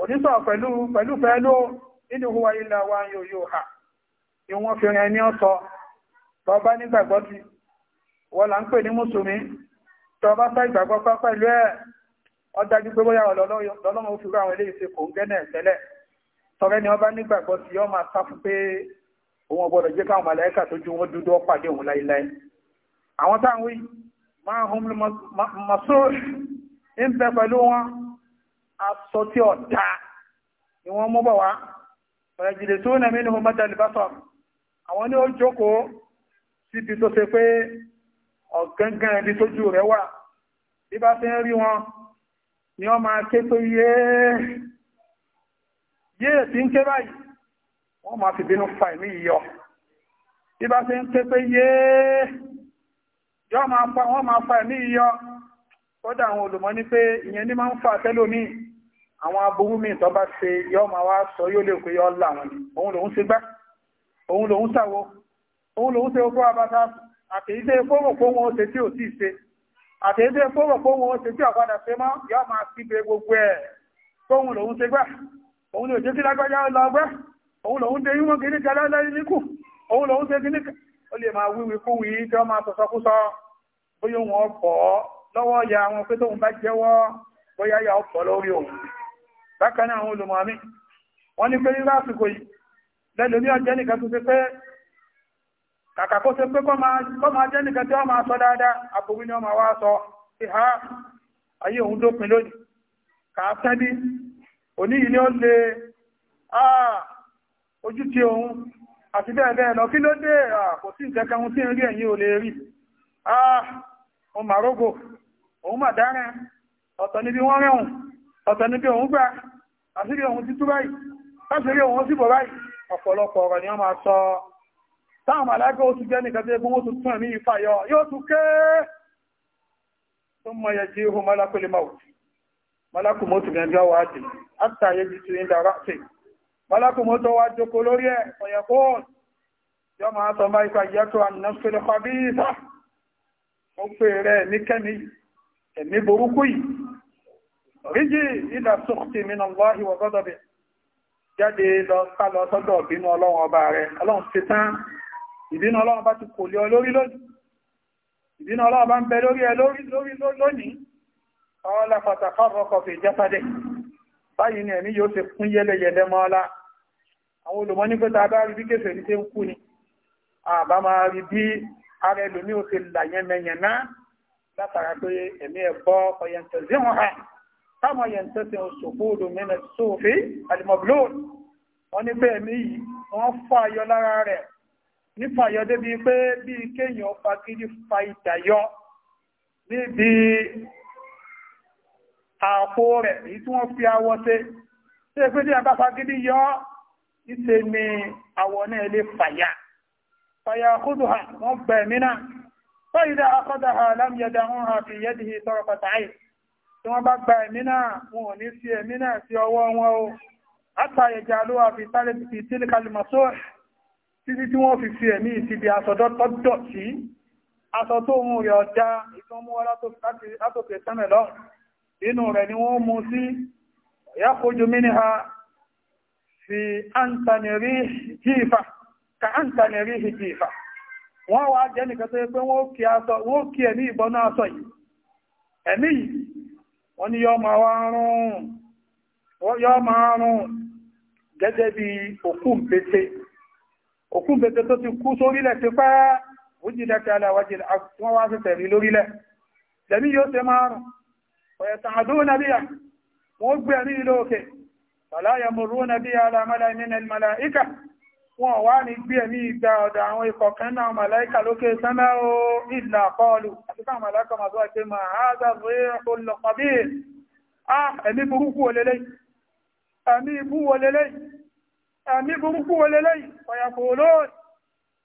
[SPEAKER 1] òdísọ̀ pẹ̀lú pẹ̀lú pẹ̀lú huwa ilẹ̀ wa yóò yóò ha ni wọ́n fi rẹ̀ ní ọ̀sọ̀ tó bá nígbàgbọ́ ti wọ́n là ń pè ní mùsùlùmí tó bá sá ìgbàgbọ́ pẹ́ ẹ̀ ó pé bóyá ọlọ́run aṣọ tí ó dá ni wọ́n mú bọ̀ wá ọ̀rẹ́jìdè tó nà mínú mẹ́tẹ̀lì bátọ̀ àwọn ní ó jókòó síbi tó ṣe pé ọ̀gángan ibi tójú rẹ̀ wà bí bá ti ń rí wọn ni wọ́n máa ké pé yéé yéé tí ń ké báyìí wọ́n máa fi bínú fa ìmí yíyọ bí bá ti ń ké pé yéé yọ́ máa fa ìmí yíyọ kódà àwọn olùmọ̀ ní pé ìyẹn ní máa ń fà tẹ́lómi àwọn aburú mi tó bá ṣe yọ ma wá sọ yóò lè pé yọ là wọn ni òun lòun ṣe gbá òun lòun ṣàwo òun lòun ṣe okó abata àtẹ̀yíṣe fóòrò pé wọn ó ṣe tí ò tí ì ṣe àtẹ̀yíṣe fóòrò pé wọn ó ṣe tí ọ̀padà ṣe mọ́ yọ máa síbe gbogbo ẹ̀ tóun lòun ṣe gbá òun lòun ṣe sí lágbájá lọ lọ́wọ́ ya àwọn pé tóun bá jẹ́wọ́ bóyá ya ọ̀pọ̀ lórí òun bákan àwọn olùmọ̀mí wọ́n ní pé yìí ọjẹ́ nìkan tó ṣe pé kàkà pé kọ́ máa jẹ́ nìkan tí wọ́n máa sọ dáadáa àbúrú ni wọ́n máa wá sọ tí ah òun mà dáràn ọ̀tọ̀ níbi wọ́n rẹ̀hùn ọ̀tọ̀ níbi òun gbà àṣírí òun títú báyìí láṣírí òun sì bọ̀ báyìí ọ̀pọ̀lọpọ̀ ọ̀rọ̀ ni wọ́n máa sọ táwọn màláìkà ó ti jẹ́ nìkan tó yẹ kó wọ́n tún tún ẹ̀mí ìfà yọ yóò tún ké tó mọ yẹ jí ihun malakú lè máa wùtí malakú mọ́tò gẹ̀ẹ́gẹ́ wà á dì áta yẹ jí tún ìdá ráṣẹ̀ wà jókòó lórí ẹ̀ ọ̀yẹ̀ kó yọ máa sọ máa ikọ̀ àyẹ́tò ànàfẹ́lẹ́kọ̀ bí ìfà ó pè rẹ̀ ní kẹ́mi yìí ẹ̀mí burúkú yìí ríjì ìlà sọ́kùtì mìíràn lọ́hì wọ́n gọ́dọ̀ bẹ̀ jáde lọ sálọ sọ́dọ̀ ìbínú ọlọ́run ọba rẹ̀ ọlọ́run ti tán ìbínú ọlọ́run bá ti kò lé ọ lórí lónìí ìbínú ọlọ́run bá ń bẹ lórí ẹ lórí lónìí ọlá pàtàkọ́ rọkọ̀ fi jẹ́sàdẹ̀ báyìí ni ẹ̀mí yóò ti kún yẹ́lẹ̀yẹ̀lẹ́ mọ́ ọlá àwọn olùmọ́ ní pẹ́ta bá látara pé ẹ̀mí ẹ̀ bọ́ ọ̀yẹ̀ntẹ̀ zíwọ̀n rẹ̀ táwọn ọ̀yẹ̀ntẹ̀ ti ń sòfúdù mínà sófin alimọ̀blóòn wọ́n ní pé ẹ̀mí yìí wọ́n fọ́ ayọ̀ lára rẹ̀ ní fàyọ débi pé bí kéèyàn fagídí fa ìdàyọ níbi àpò rẹ̀ èyí tí wọ́n fi awọ ṣe tí ẹ pé tí a bá fagídí yọ ìṣe ni àwọ̀ náà lè fàyà fàyà kúdùhà wọ́n gbẹ̀mí náà فإذا أخذها لم يدعوها في يده طرفة عين tí wọ́n bá gba ẹ̀mí náà wọn ò ní sí ẹ̀mí náà sí ọwọ́ wọn o látàyè jàlú àfi sáré ti tílé kalima sóòrì títí tí wọ́n fi fi ẹ̀mí ìsìdí aṣọ́dọ́ tọ́jọ́ sí aṣọ tó ń rẹ̀ ọ̀dá ìtọ́múwá látòkè sẹ́mẹ̀ lọ wọ́n wá jẹ́ nìkan tó yẹ pé wọ́n kí ẹ̀mí ìbọnú aṣọ yìí ẹ̀mí yìí wọ́n ní yọ́ máa rún gẹ́gẹ́ bí òkun pété òkun pété tó ti kú sórílẹ̀ ti pẹ́ òjìlẹ̀ tí aláwájì wọ́n wá sí tẹ̀rí lórílẹ̀ wọn wá ní gbé ẹ̀mí ìgbà ọ̀dọ̀ àwọn ikọ̀ kan náà màláìkà lókè sánmà ó ìlà kọlù àti káwọn màláìkà màá tó wà pé máa háàzà fún ẹ̀kọ́ lọ́pàá bí ẹ̀mí burúkú olélé ẹ̀mí ibú olélé ẹ̀mí burúkú olélé ọ̀yàpọ̀ olóòrì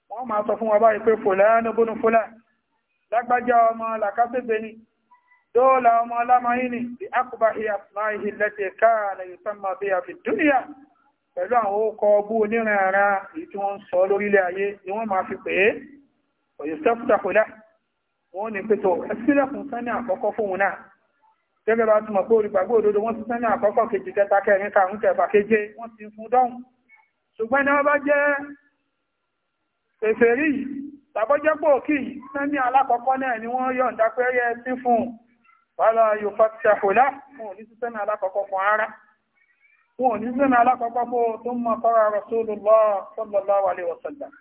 [SPEAKER 1] wọ́n máa sọ fún wa báyìí pé fòlẹ́ánú bónú fúlẹ̀ lágbájá ọmọ làkásẹ́gbẹ̀ ni dóòlà ọmọ alámọ́yìn ni bí akùbá ìyàpùmáyìn lẹ́tẹ̀ẹ́ káà lẹ́yìn sánmà bí i àfi dúníyà pẹ̀lú àwọn ókọ ọgbó onírin ara èyí tí wọ́n ń sọ lórílẹ̀ ayé ni wọ́n máa fi pè é òyè sẹ́kùtàkùlá wọ́n ní pẹ̀tọ̀ ẹ̀sílẹ̀kùn sẹ́ni àkọ́kọ́ fóun náà gẹ́gẹ́ bá ti pé olùgbàgbọ́ òdodo wọ́n ti sẹ́ni àkọ́kọ́ kejì kẹta kẹrin karùn kẹfà keje wọ́n ti fún dọ́hùn ṣùgbọ́n ní wọ́n bá jẹ́ èfèrí tàbọ́jẹ́pọ̀ kí sẹ́ni alákọ̀ọ́kọ́ náà ni wọ́n yọ̀ǹda pẹ́rẹ́ sí fún wàhálà yóò fà wọn ní zina alákọ̀ọ́kọ́ tó mọ̀ kọ́ra rasulullah sallallahu alaihi wasallam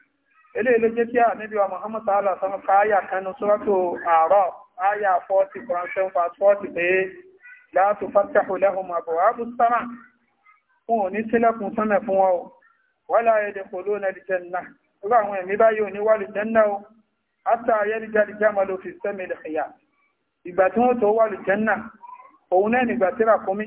[SPEAKER 1] ilé ilé jẹ́ kí a níbi wa muhammad sallallahu alaihi wasallam káyà kanu suratu A'raf aya 40 quran 7 verse 40 pé la tufattahu lahum abwabu sama wọn ò sílẹ̀kùn sánà fún wọn o wala yadkhuluna ìgbà tí wọ́n tó wà al-jannah òun náà nígbà tí ràkúnmí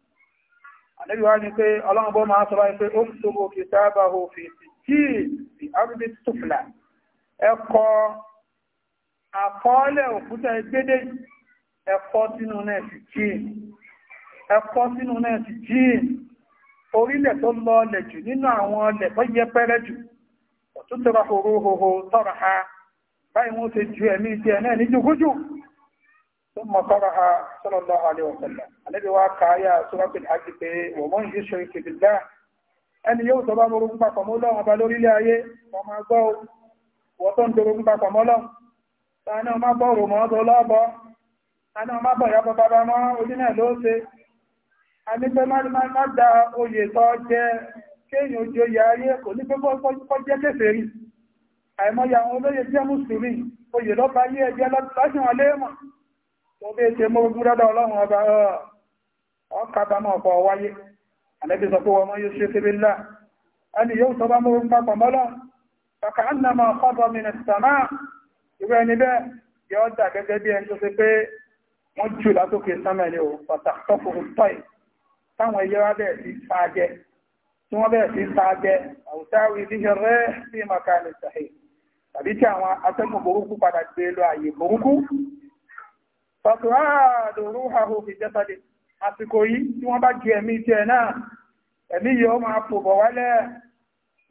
[SPEAKER 1] ànábì wá ní pé ọlọ́run bó máa sọ báyìí pé ó ń tóbó kitabahu fi sijjin fi ardi sufla ẹ̀kọ́ àkọọ́lẹ̀ òkúta ẹgbẹ́dẹ́ ẹ̀kọ́ sínú náà sijjin ẹ̀kọ́ sínú náà sijjin orílẹ̀ tó lọ́ọ̀lẹ̀ jù nínú àwọn ọlẹ̀ tó yẹpẹrẹ jù ọ̀tún tẹ́ra horo horo tọ́ra ha báyìí wọ́n ṣe ju ẹ̀mí ìṣẹ́ náà ní jùgújù ثم قرأ صلى الله عليه وسلم النبي واقع يا سورة الحج ومن يشرك بالله أن يوسف أمر بما فمولا وبالوري لأي وما زو وتنظر بما فمولا أنا ما بور ما ظلابا أنا ما بيا بابا ما ودنا لوسي أنا بما ما ما دا أوجي توجه kéèyàn ojú oyè ayé kò ní pẹ́pọ́ kọjẹ́ kéfèrí àìmọ́ ya àwọn olóyè jẹ́ mùsùlùmí oyè lọ́ba tó bí ṣe mọ́ gbogbo dọ́dọ̀ ọlọ́run ọba ọkàbámọ̀ ọ̀pọ̀ wáyé àlẹ́bí sọ pé wọ́n yóò ṣe tébí ńlá ẹni yóò sọ bá mú papọ̀ mọ́lọ́ kàkà ń nàmọ̀ ọ̀kọ́bọ̀ mìnìsàmá ìwé ẹni bẹ́ẹ̀ yóò dà gẹ́gẹ́ bí ẹni tó ṣe pé wọ́n jù látòkè sámẹ́lì ò pàtàkì tọ́ì táwọn tàbí tí àwọn atẹ́gùn burúkú padà gbé lọ àyè burúkú fàtúhàdù rúhàhù fi jẹ́sàdì àsìkò yìí tí wọ́n bá jẹ ẹ̀mí tí náà ẹ̀mí yóò máa fòbọ̀ wálẹ̀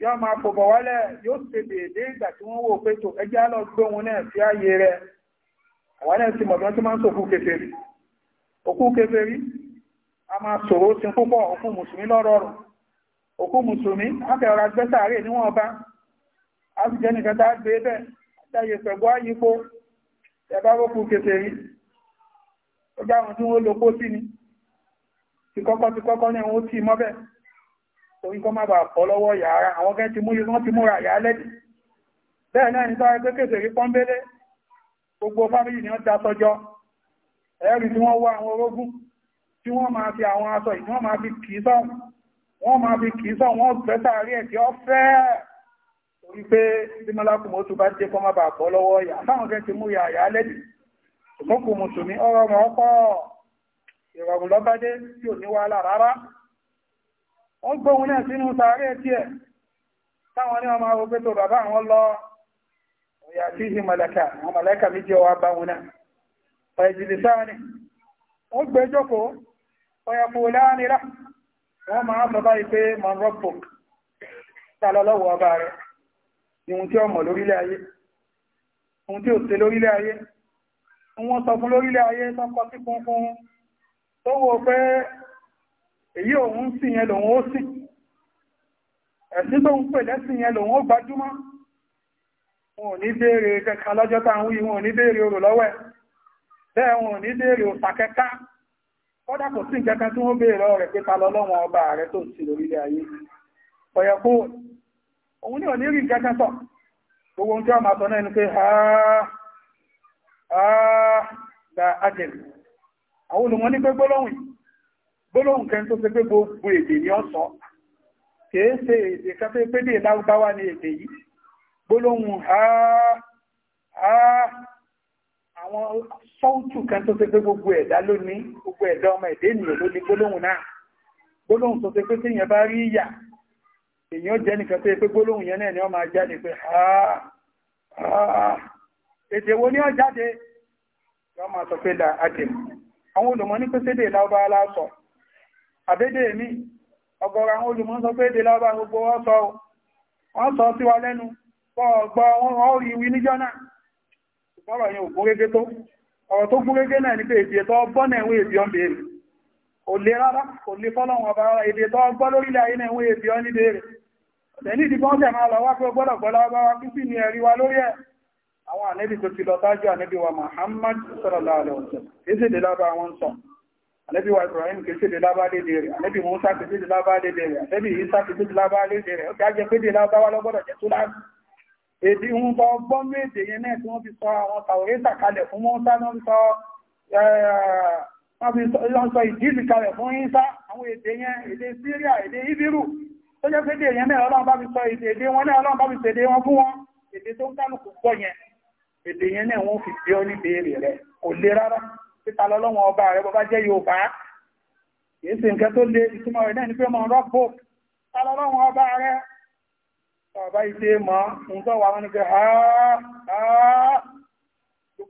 [SPEAKER 1] yóò máa fòbọ̀ wálẹ̀ yóò ṣe ìgbà tí wọ́n wò pé tó ẹjẹ́ náà ààyè rẹ̀ àwọn náà ti wọ́n máa ń sòkú kèfèrí òkú kèfèrí a máa sí púpọ̀ òkú mùsùlùmí òkú mùsùlùmí a fẹ́ ra níwọ̀n bá a sì jẹ́ nìkan ọjọ́ àwọn tí wọ́n lò kó sí ni ti kọ́kọ́ ti kọ́kọ́ ní àwọn ó tì mọ́bẹ̀ torí kọ́ má bàa fọ́ lọ́wọ́ yàrá àwọn gẹ́ ti múlẹ̀ wọ́n ti múra yà lẹ́dì bẹ́ẹ̀ náà ní sáré pé kéde rí pọ́nbélé gbogbo fámìlì ni wọ́n da sọjọ́ ẹ̀rí tí wọ́n wá àwọn orógún tí wọ́n máa fi àwọn aṣọ yìí wọ́n máa fi kì í sọ́hùn wọ́n máa fi kì í sọ́hùn wọ́n gbẹ́ sáré ẹ̀ tí ó fẹ́ torí pé bí mọ́lákùnmọ́tù bá dé kọ́ má bàa fọ́ lọ́wọ́ yà táwọn gẹ́ ti múra yà lẹ́dì mọ́kù mùsùlùmí ọ̀rọ̀ ọmọ ọkọ ìrọ̀rùn lọ́bádé tí ò ní wàhálà rárá gbóhun náà sínú sàárè tiẹ̀ táwọn ní ọmọ arúgbé tó bàbá àwọn lọ òyà tí mọ̀lẹ́kà méjì ọwà bá wọn náà ọ̀ẹ̀jìlì sáàni wọ́n wọ́n sọ fún lórílẹ̀ ayé tọ́kọ sí funfun tó wo pé èyí òun sì yẹn lòun ó sì ẹ̀sìn tó ń pè lẹ́sìn yẹn lòun ó gbajúmọ̀ wọn ò ní béèrè kẹka lọ́jọ́ táwọn ìwọ̀n ò ní béèrè orò lọ́wẹ́ bẹ́ẹ̀ wọn ò ní béèrè òsà kẹka kọ́dà kò sí ìjẹta tí wọ́n béèrè rẹ̀ pé ta ọba rẹ̀ tó sì lórílẹ̀ ayé ọ̀yẹ̀kú òun ní ò ní rí ìjẹta sọ gbogbo ohun tí wọ́n máa sọ náà ni pé ha ààdà ah, àjẹ̀lú àwọn olùmọ́ ní pé gbólóhùn gbólóhùn kẹ́ tó ṣe pé gbogbo èdè ní ọ̀sán kìí ṣe èdè kan tó pé ní ìlàúgbáwá ní èdè yìí gbólóhùn àwọn sọ́ọ̀tù kan tó ṣe pé gbogbo ẹ̀dá lónìí gbogbo ẹ̀dá ọmọ ẹ̀dá ènìyàn ló ní gbólóhùn náà gbólóhùn tó ṣe pé tí èèyàn bá rí ìyà èèyàn jẹ́ nìkan tó ṣe pé gbólóhùn yẹn náà ni wọ́n máa jáde pé ha èdè wo ní ọ jáde yọ máa sọ pé láàdìm àwọn olùmọ̀ ní pẹ́sẹ́dè láọba aláṣọ àbédè mi ọ̀gọ̀rọ̀ àwọn olùmọ̀ sọ pé èdè láọba gbogbo wọ́n sọ wọ́n sọ sí wa lẹ́nu pọ̀ọ̀gbọ́ wọn rí wí níjọ́ náà ọ̀rọ̀ yẹn ò gúnrégé tó ọ̀rọ̀ tó gúnrégé náà ní pé èdè tó ọgbọ́n náà ń èdè ọ́n béèrè kò lè rárá kò lè fọ́lọ́wọ́n ọba rárá èdè tó ọgbọ́n lórílẹ̀ ayé náà ń èdè ọ́n ní béèrè ọ̀tẹ̀ ní ìdíbọ́n máa lọ wá pé ọgbọ́dọ̀ gbọ́lá ọba wa kí sí ni ẹ̀rí wa lórí ẹ̀ àwọn ànẹ́bì tó ti lọ tájú ànẹ́bì wa Muhammad sallallahu alaihi wasallam kéṣèdè lábá wọn sọ ànẹ́bì wa Ibrahim kéṣèdè lábá lédè rẹ̀ ànẹ́bì Musa kéṣèdè lábá lédè rẹ̀ ànẹ́bì Isa kéṣèdè lábá lédè rẹ̀ ó kí á jẹ pédè lábáwá lọ́gbọ́dọ̀ jẹ́ tó láti èdè ń bọ ọgbọ́n méje yẹn náà tí wọ́n fi sọ àwọn tàwọ̀rẹ́sà kalẹ̀ fún Musa náà sọ eh, wọ́n sọ ìdílì kalẹ̀ fún Isa àwọn èdè yẹn èdè Syria èdè Ibiru tó jẹ́ pédè yẹn náà Ọlọ́run bá fi sọ èdè wọn náà Ọlọ́run bá fi sèdè wọn fún wọn èdè tó ń kálukú gbọ́ yẹn èdè yẹn náà wọ́n fi bí ọ́ ní béèrè rẹ̀ kò le rárá títa lọ́lọ́wọ́n ọba rẹ̀ bọ́ bá jẹ́ Yorùbá kìí ṣe nǹkan tó le ìtumọ̀ rẹ̀ náà ní pé mọ̀ rọ́pò títa lọ́lọ́wọ́n ọba rẹ̀ ọba ìṣe mọ́ nǹkan wà wọn ni pé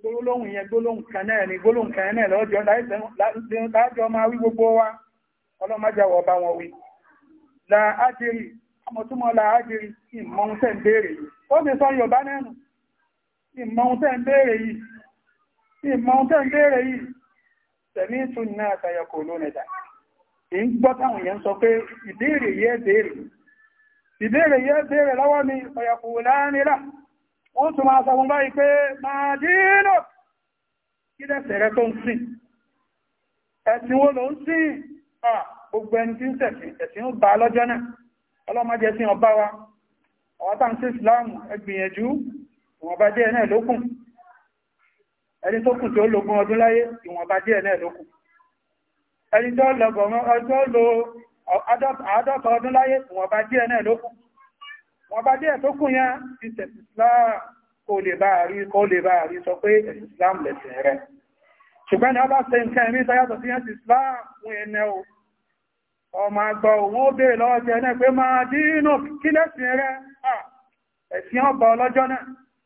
[SPEAKER 1] gbólóhùn yẹn gbólóhùn kan náà ni gbólóhùn kan náà lọ́jọ́ láàjọ máa wí gbogbo wa ọlọ́májáwọ̀ ọba wọn wí láàájírì ọmọ túnmọ̀ láàájírì ìmọ̀ ń tẹ̀ ń béèrè ó ti sọ Yorùbá náà ìmọ̀un tẹ́ ń bèèrè yìí tẹ̀mí tún náà tayọkọ̀ lónìdà èyí gbọ́ táwọn èèyàn sọ pé ìbéèrè yẹ́ bèèrè ìbéèrè yẹ́ bèèrè lọ́wọ́ mi ọ̀yàkùn láàrínlá wọ́n tún máa sọ fún báyìí pé máa dínà kí lẹ́sẹ̀ rẹ tó ń sìn ẹ̀sìn wo ló ń sìn à gbogbo ẹni tí ń sẹ̀sìn ẹ̀sìn ń bá lọ́jọ́ náà ọlọ́mọdé sí ọba wa ọ̀wátà ń sí ìwọ̀nba díẹ̀ náà lókùn ẹni tó kù tó lógún ọdún láyé ìwọ̀nba díẹ̀ náà lókùn ẹni tó lo àádọ́ta ọdún láyé ìwọ̀nba díẹ̀ náà lókùn ìwọ̀nba Islam kó lè ni a bá ṣe nǹkan ẹ̀mí Islam fún ẹnẹ́ o ọmọ àgbà òun ó bèèrè lọ́wọ́ ti ẹnẹ́ pé máa dínú kí lẹ́sìn rẹ̀ ẹ̀sìn ọba ọlọ́jọ́ náà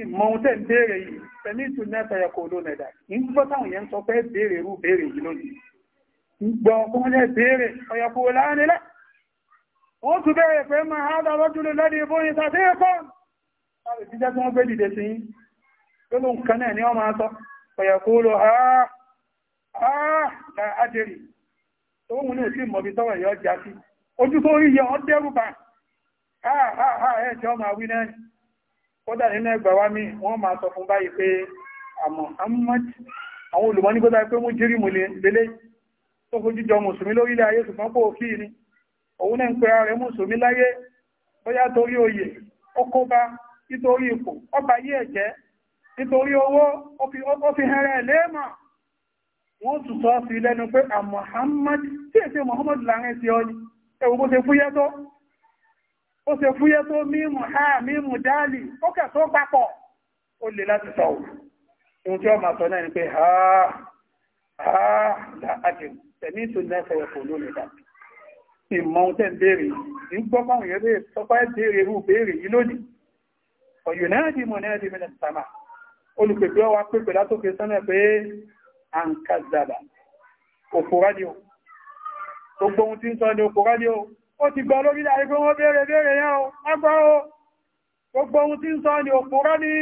[SPEAKER 1] ìmọ̀un tẹ́ ń béèrè yìí pẹ̀lú ìtù mẹ́ta ẹ̀kọ́ olónẹ̀dà ń táwọn yẹn ń sọ pé béèrè irú béèrè yìí lónìí ń gbọ́ ọkùnrin béèrè láàrinlẹ̀ ó tún béèrè pé máa lẹ́dí tàbí ẹ̀kọ́ láti jíjẹ́ tí wọ́n gbé dìde sí yín ha ha tó wù ní òsì mọ̀bí tọ́wọ̀ kódà nínú ẹgbà wá mí wọ́n máa sọ fún báyìí pé àmọ́ àwọn olùmọ́ ní gbọ́dá pé mú jírí mú lélẹ́ tó mùsùlùmí lórílẹ̀ ayé ṣùgbọ́n kò fi ni òun náà ń pè ààrẹ mùsùlùmí láyé bóyá torí oyè ọkọba nítorí ipò ọba yí ẹ̀jẹ́ nítorí owó ó fi hẹ́rẹ́ wọ́n tún pé tí èsì ọ ó ṣe fúyẹ́ tó mímù ha mímù dáàlì ó kẹ̀ tó papọ̀ ó lè láti sọ ohun tí ó máa sọ náà ni pé ha ha láàájìm tẹ̀mí ìtùnú ẹ̀fẹ̀ ẹ̀kọ́ ló lè dà ìmọ̀ ohun tẹ́ ń béèrè ní gbọ́gbọ́n yẹn lè sọpá ìbéèrè irú béèrè yìí lónìí ọ̀yọ̀ náà di mọ̀ náà di mẹ́lẹ̀ sàmà olùpèpè ọwà pèpè látòkè sánà pé à ó ti gbọ́ lórí láyé pé wọ́n béèrè béèrè yẹn o agbọ́rọ̀ gbogbo ohun tí ń sọ ni òpùrọ́ ni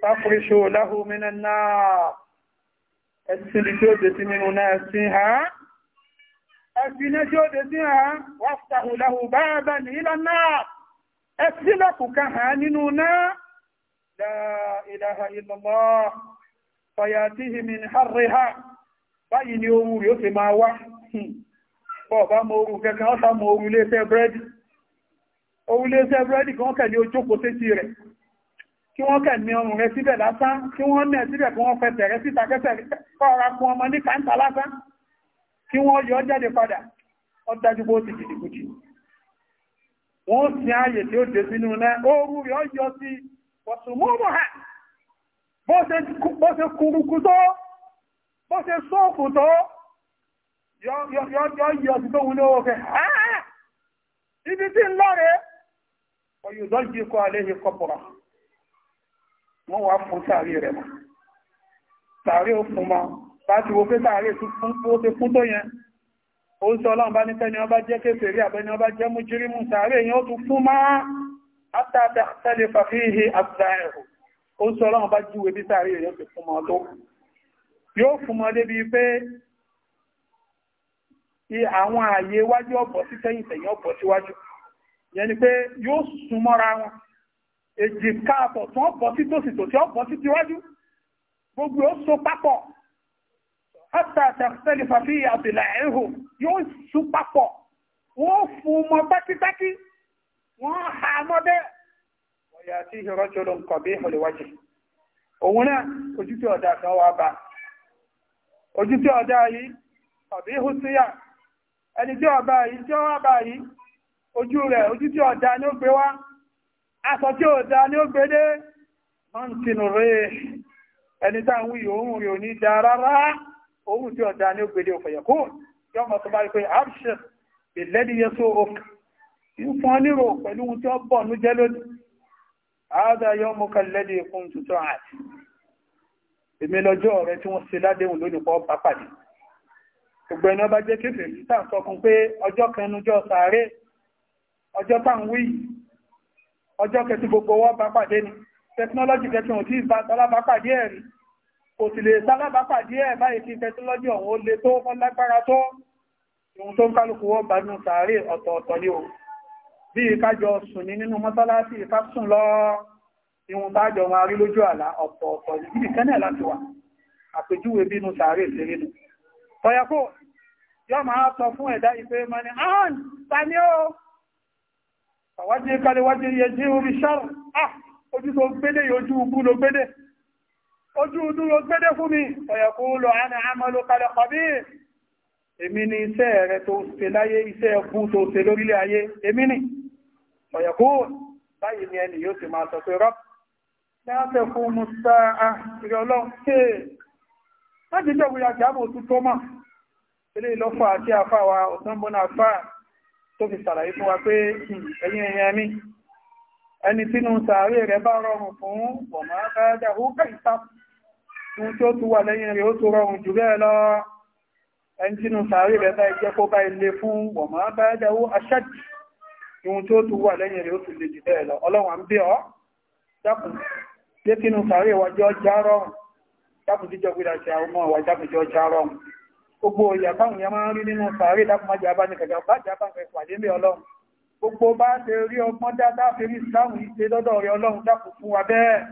[SPEAKER 1] sáfúríṣò láhùmínà náà ẹ̀sìn tí ó dé sí nínú náà sí ha ẹ̀sìn tí ó dé sí ha wáfàhùn láhùn báábá ọba mọ orú kẹkàn ọ́sà mọ orú iléeṣẹ́ búrẹ́dì orú iléeṣẹ́ búrẹ́dì kí wọ́n kẹ̀ ní ojókòó sétí rẹ̀ kí wọ́n kẹ̀ ní ọrùn rẹ̀ síbẹ̀ lásán kí wọ́n nẹ̀ síbẹ̀ kí wọ́n fẹsẹ̀ rẹ̀ síta kẹsẹ̀ kọ́ra kún ọmọ ní kàńtà lásán kí wọ́n yọ jáde padà ó dájú bó ti jìdìkújì wọ́n sì ààyè tí ó dé sínú náà orú rẹ̀ ó yọ sí wọ̀sùnmọ́mọ́ ha bó ṣe kúrukú tó bó ṣe sóòkù tó yọ́ sí tó wù ní ọwọ́ fẹ́ ibi tí ń lọ́rẹ̀ ọ̀yọ̀dọ́ jí kọ́ aléhe kọ́pọ̀rọ̀ wọ́n wá fún sàárì rẹ̀ mọ́ sàárì ó fún mọ́ bá ti wo pé sàárì ó ti fún tó yẹn ó ń sọ ọlọ́run bá ní tẹ́ni ọba jẹ́ kéfèrí àbẹ́ni ọba jẹ́ mú jírímù sàárì yẹn ó tún fún máa átàtà tẹ́lẹ̀ fàfíhì àtàrẹ̀hù ó ń sọ ọlọ́run bá júwe bí sàárì yẹn ti fún mọ́ tó yóò fún mọ́ débi pé àwọn ààyè iwájú ọ̀pọ̀ sí sẹ́yìn sẹ́yìn ọ̀pọ̀ síwájú yẹn ni pé yóò sún mọ́ra wọn èjìká àpọ̀ tí wọ́n bọ́ sí tòsì tòsì ọ̀pọ̀ sí tiwájú gbogbo ó so papọ̀ ọ̀tà àtàkùsẹ́lì fàfí àbìlà ẹ̀hùn yóò sún papọ̀ wọ́n fún mọ́ pátípátí wọ́n hà mọ́ bẹ́ẹ̀ ọ̀yà tí ìrọ́jọ́ ló ń kọ̀ bí ìhọ̀lẹ̀wájì òun náà ojú tí ọ̀dà kan wá bá ojú tí ọ̀dà ẹni tí ọba yìí tí ó wá bá yìí ojú rẹ̀ ojú tí ọ̀dá ni ó gbé wá aṣọ tí ọ̀dá ni ó gbé dé wọ́n ti nù rẹ̀ ẹni táwọn yìí òun rẹ̀ ò ní da rárá òun tí ọ̀dá ni ó gbé dé òfẹ̀yẹ̀ kó yọ tó bá rí pé abshir lè yẹ só ok ìfún ọ nírò pẹ̀lú ohun tí ó bọ̀ ní jẹ́ lónìí àádọ́ yọ mú kan lẹ́ni ìkún tuntun àti èmi lọ́jọ́ rẹ̀ tí wọ́n ṣe ládéhùn lónìí pọ̀ pápádìí gbogbo ẹni ọba jẹ́ kéfèé yìí tàà sọkún pé ọjọ́ kẹnujọ́ sàárè ọjọ́ tàǹwí ọjọ́ kẹtí gbogbo wọ́n bá pàdé ni tẹkinọ́lọ́jì kẹtí òtí ìbá sálábàápàdé ẹ̀ rí kò sì lè sálábàápàdé ẹ̀ báyìí kí tẹkinọ́lọ́jì ọ̀hún ó le tó wọ́n lágbára tó ohun tó ń kálukú wọ́n bá nù sàárè ọ̀tọ̀ọ̀tọ̀ ni o bí ìkájọ sùn ní nínú mọ́sálásí ìfá sùn lọ ihun tájọ wọn arí lójú àlá ọ̀tọ̀ọ̀tọ̀ ni bí ìkẹ́nẹ̀ láti wà àpèjúwe bínú sàárè sí nínú tọ́yàkó yóò máa sọ fún ẹ̀dá ìfẹ́ mọ́ni ọ́n tàní ó ọ̀wájí kaliwájí yẹ jí orí ṣọ́rọ̀ ah ojú tó gbédé ojú ubú ló gbédé ojú udú ló gbédé fún mi ọ̀yẹ̀kú lọ àná àmọ́ ló kalẹ̀ kọ̀ bí èmi ni iṣẹ́ rẹ tó ṣe láyé iṣẹ́ ẹkú tó ṣe lórílẹ̀ ayé èmi ni ọ̀yẹ̀kú báyìí ni ẹni yóò ti máa sọ pé rọ́p láti jẹ́ òwúyà jábò ilé ìlọ́fà àti àfáwà ọ̀sánbọ́nà àfá tó fi sàlàyé fún wa pé ẹ̀yìn hmm, ẹ̀yìn mi ẹni tínú sàárè rẹ̀ bá rọrùn fún ọmọ àbájá ó kàìsá fún tí ó tún wà lẹ́yìn rẹ̀ ó tún rọrùn jù bẹ́ẹ̀ lọ ẹni tínú sàárè rẹ̀ bá ìjẹ́ kó bá ilé fún ọmọ àbájá ó aṣájì ohun tí ó tún wà lẹ́yìn rẹ̀ ó tún lè jù bẹ́ẹ̀ lọ ọlọ́run à ń bí ọ dákùn jẹ́ kínú wájọ́ já rọrùn dákùn jíjọ gbéra gbogbo ìyàbáhùn yẹn máa ń rí nínú sàárè dákùnmájà bá ní kẹ̀kẹ́ bá jábá ń kẹ̀kẹ́ pàdé lé ọlọ́run gbogbo bá ṣe rí ọgbọ́n dáadáa fi rí ìsìláàmù ìṣe lọ́dọ̀ rẹ ọlọ́run dákùn fún wa bẹ́ẹ̀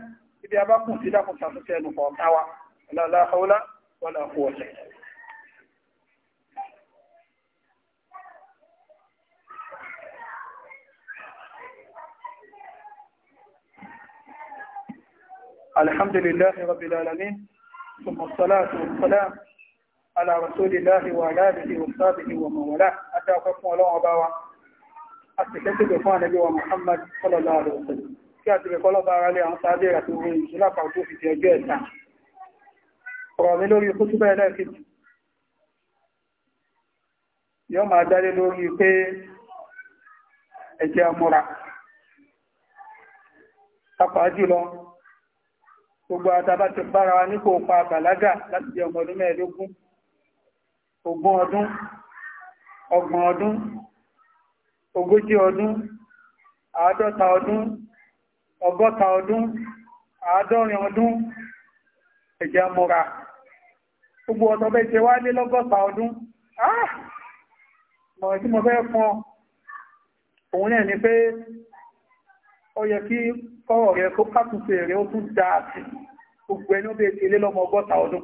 [SPEAKER 1] ibi abákùn sí dákùn ṣàtúnṣe ẹnu kọ̀ọ̀ká wa la hawla wala الحمد لله رب العالمين ثم الصلاة والسلام على رسول الله وعلى آله وصحبه ومن والاه أتاكم الله وباوا أتكتب فان نبي محمد صلى الله عليه وسلم kí a ti rẹ̀ kọ́lọ́bà ara lé àwọn sáré àti orin ìṣúlápàá tó fi ti ẹjọ́ ẹ̀ta ọ̀rọ̀ mi lórí ikú túbẹ̀ ẹlẹ́ẹ̀kejì yọ́ máa gbogbo àtàbà bára wa nípò pa bàlágà láti jẹ ọmọ ọdún ogún ọdún ọgbọ̀n ọdún ogójì ọdún àádọ́ta ọdún ọgọ́ta ọdún àádọ́rin ọdún ẹ̀jẹ̀ mọ́ra gbogbo ọ̀tọ̀ bẹ́ jẹ wá lé lọ́gọ́ta ọdún ah mọ̀ tí mo fẹ́ fún ọ òun náà ni pé ó yẹ kí kọ́rọ̀ rẹ kó kátùsẹ̀ rẹ ó tún dáa sí gbogbo ẹni ó bẹ́ẹ̀ lé lọ́mọ ọgọ́ta ọdún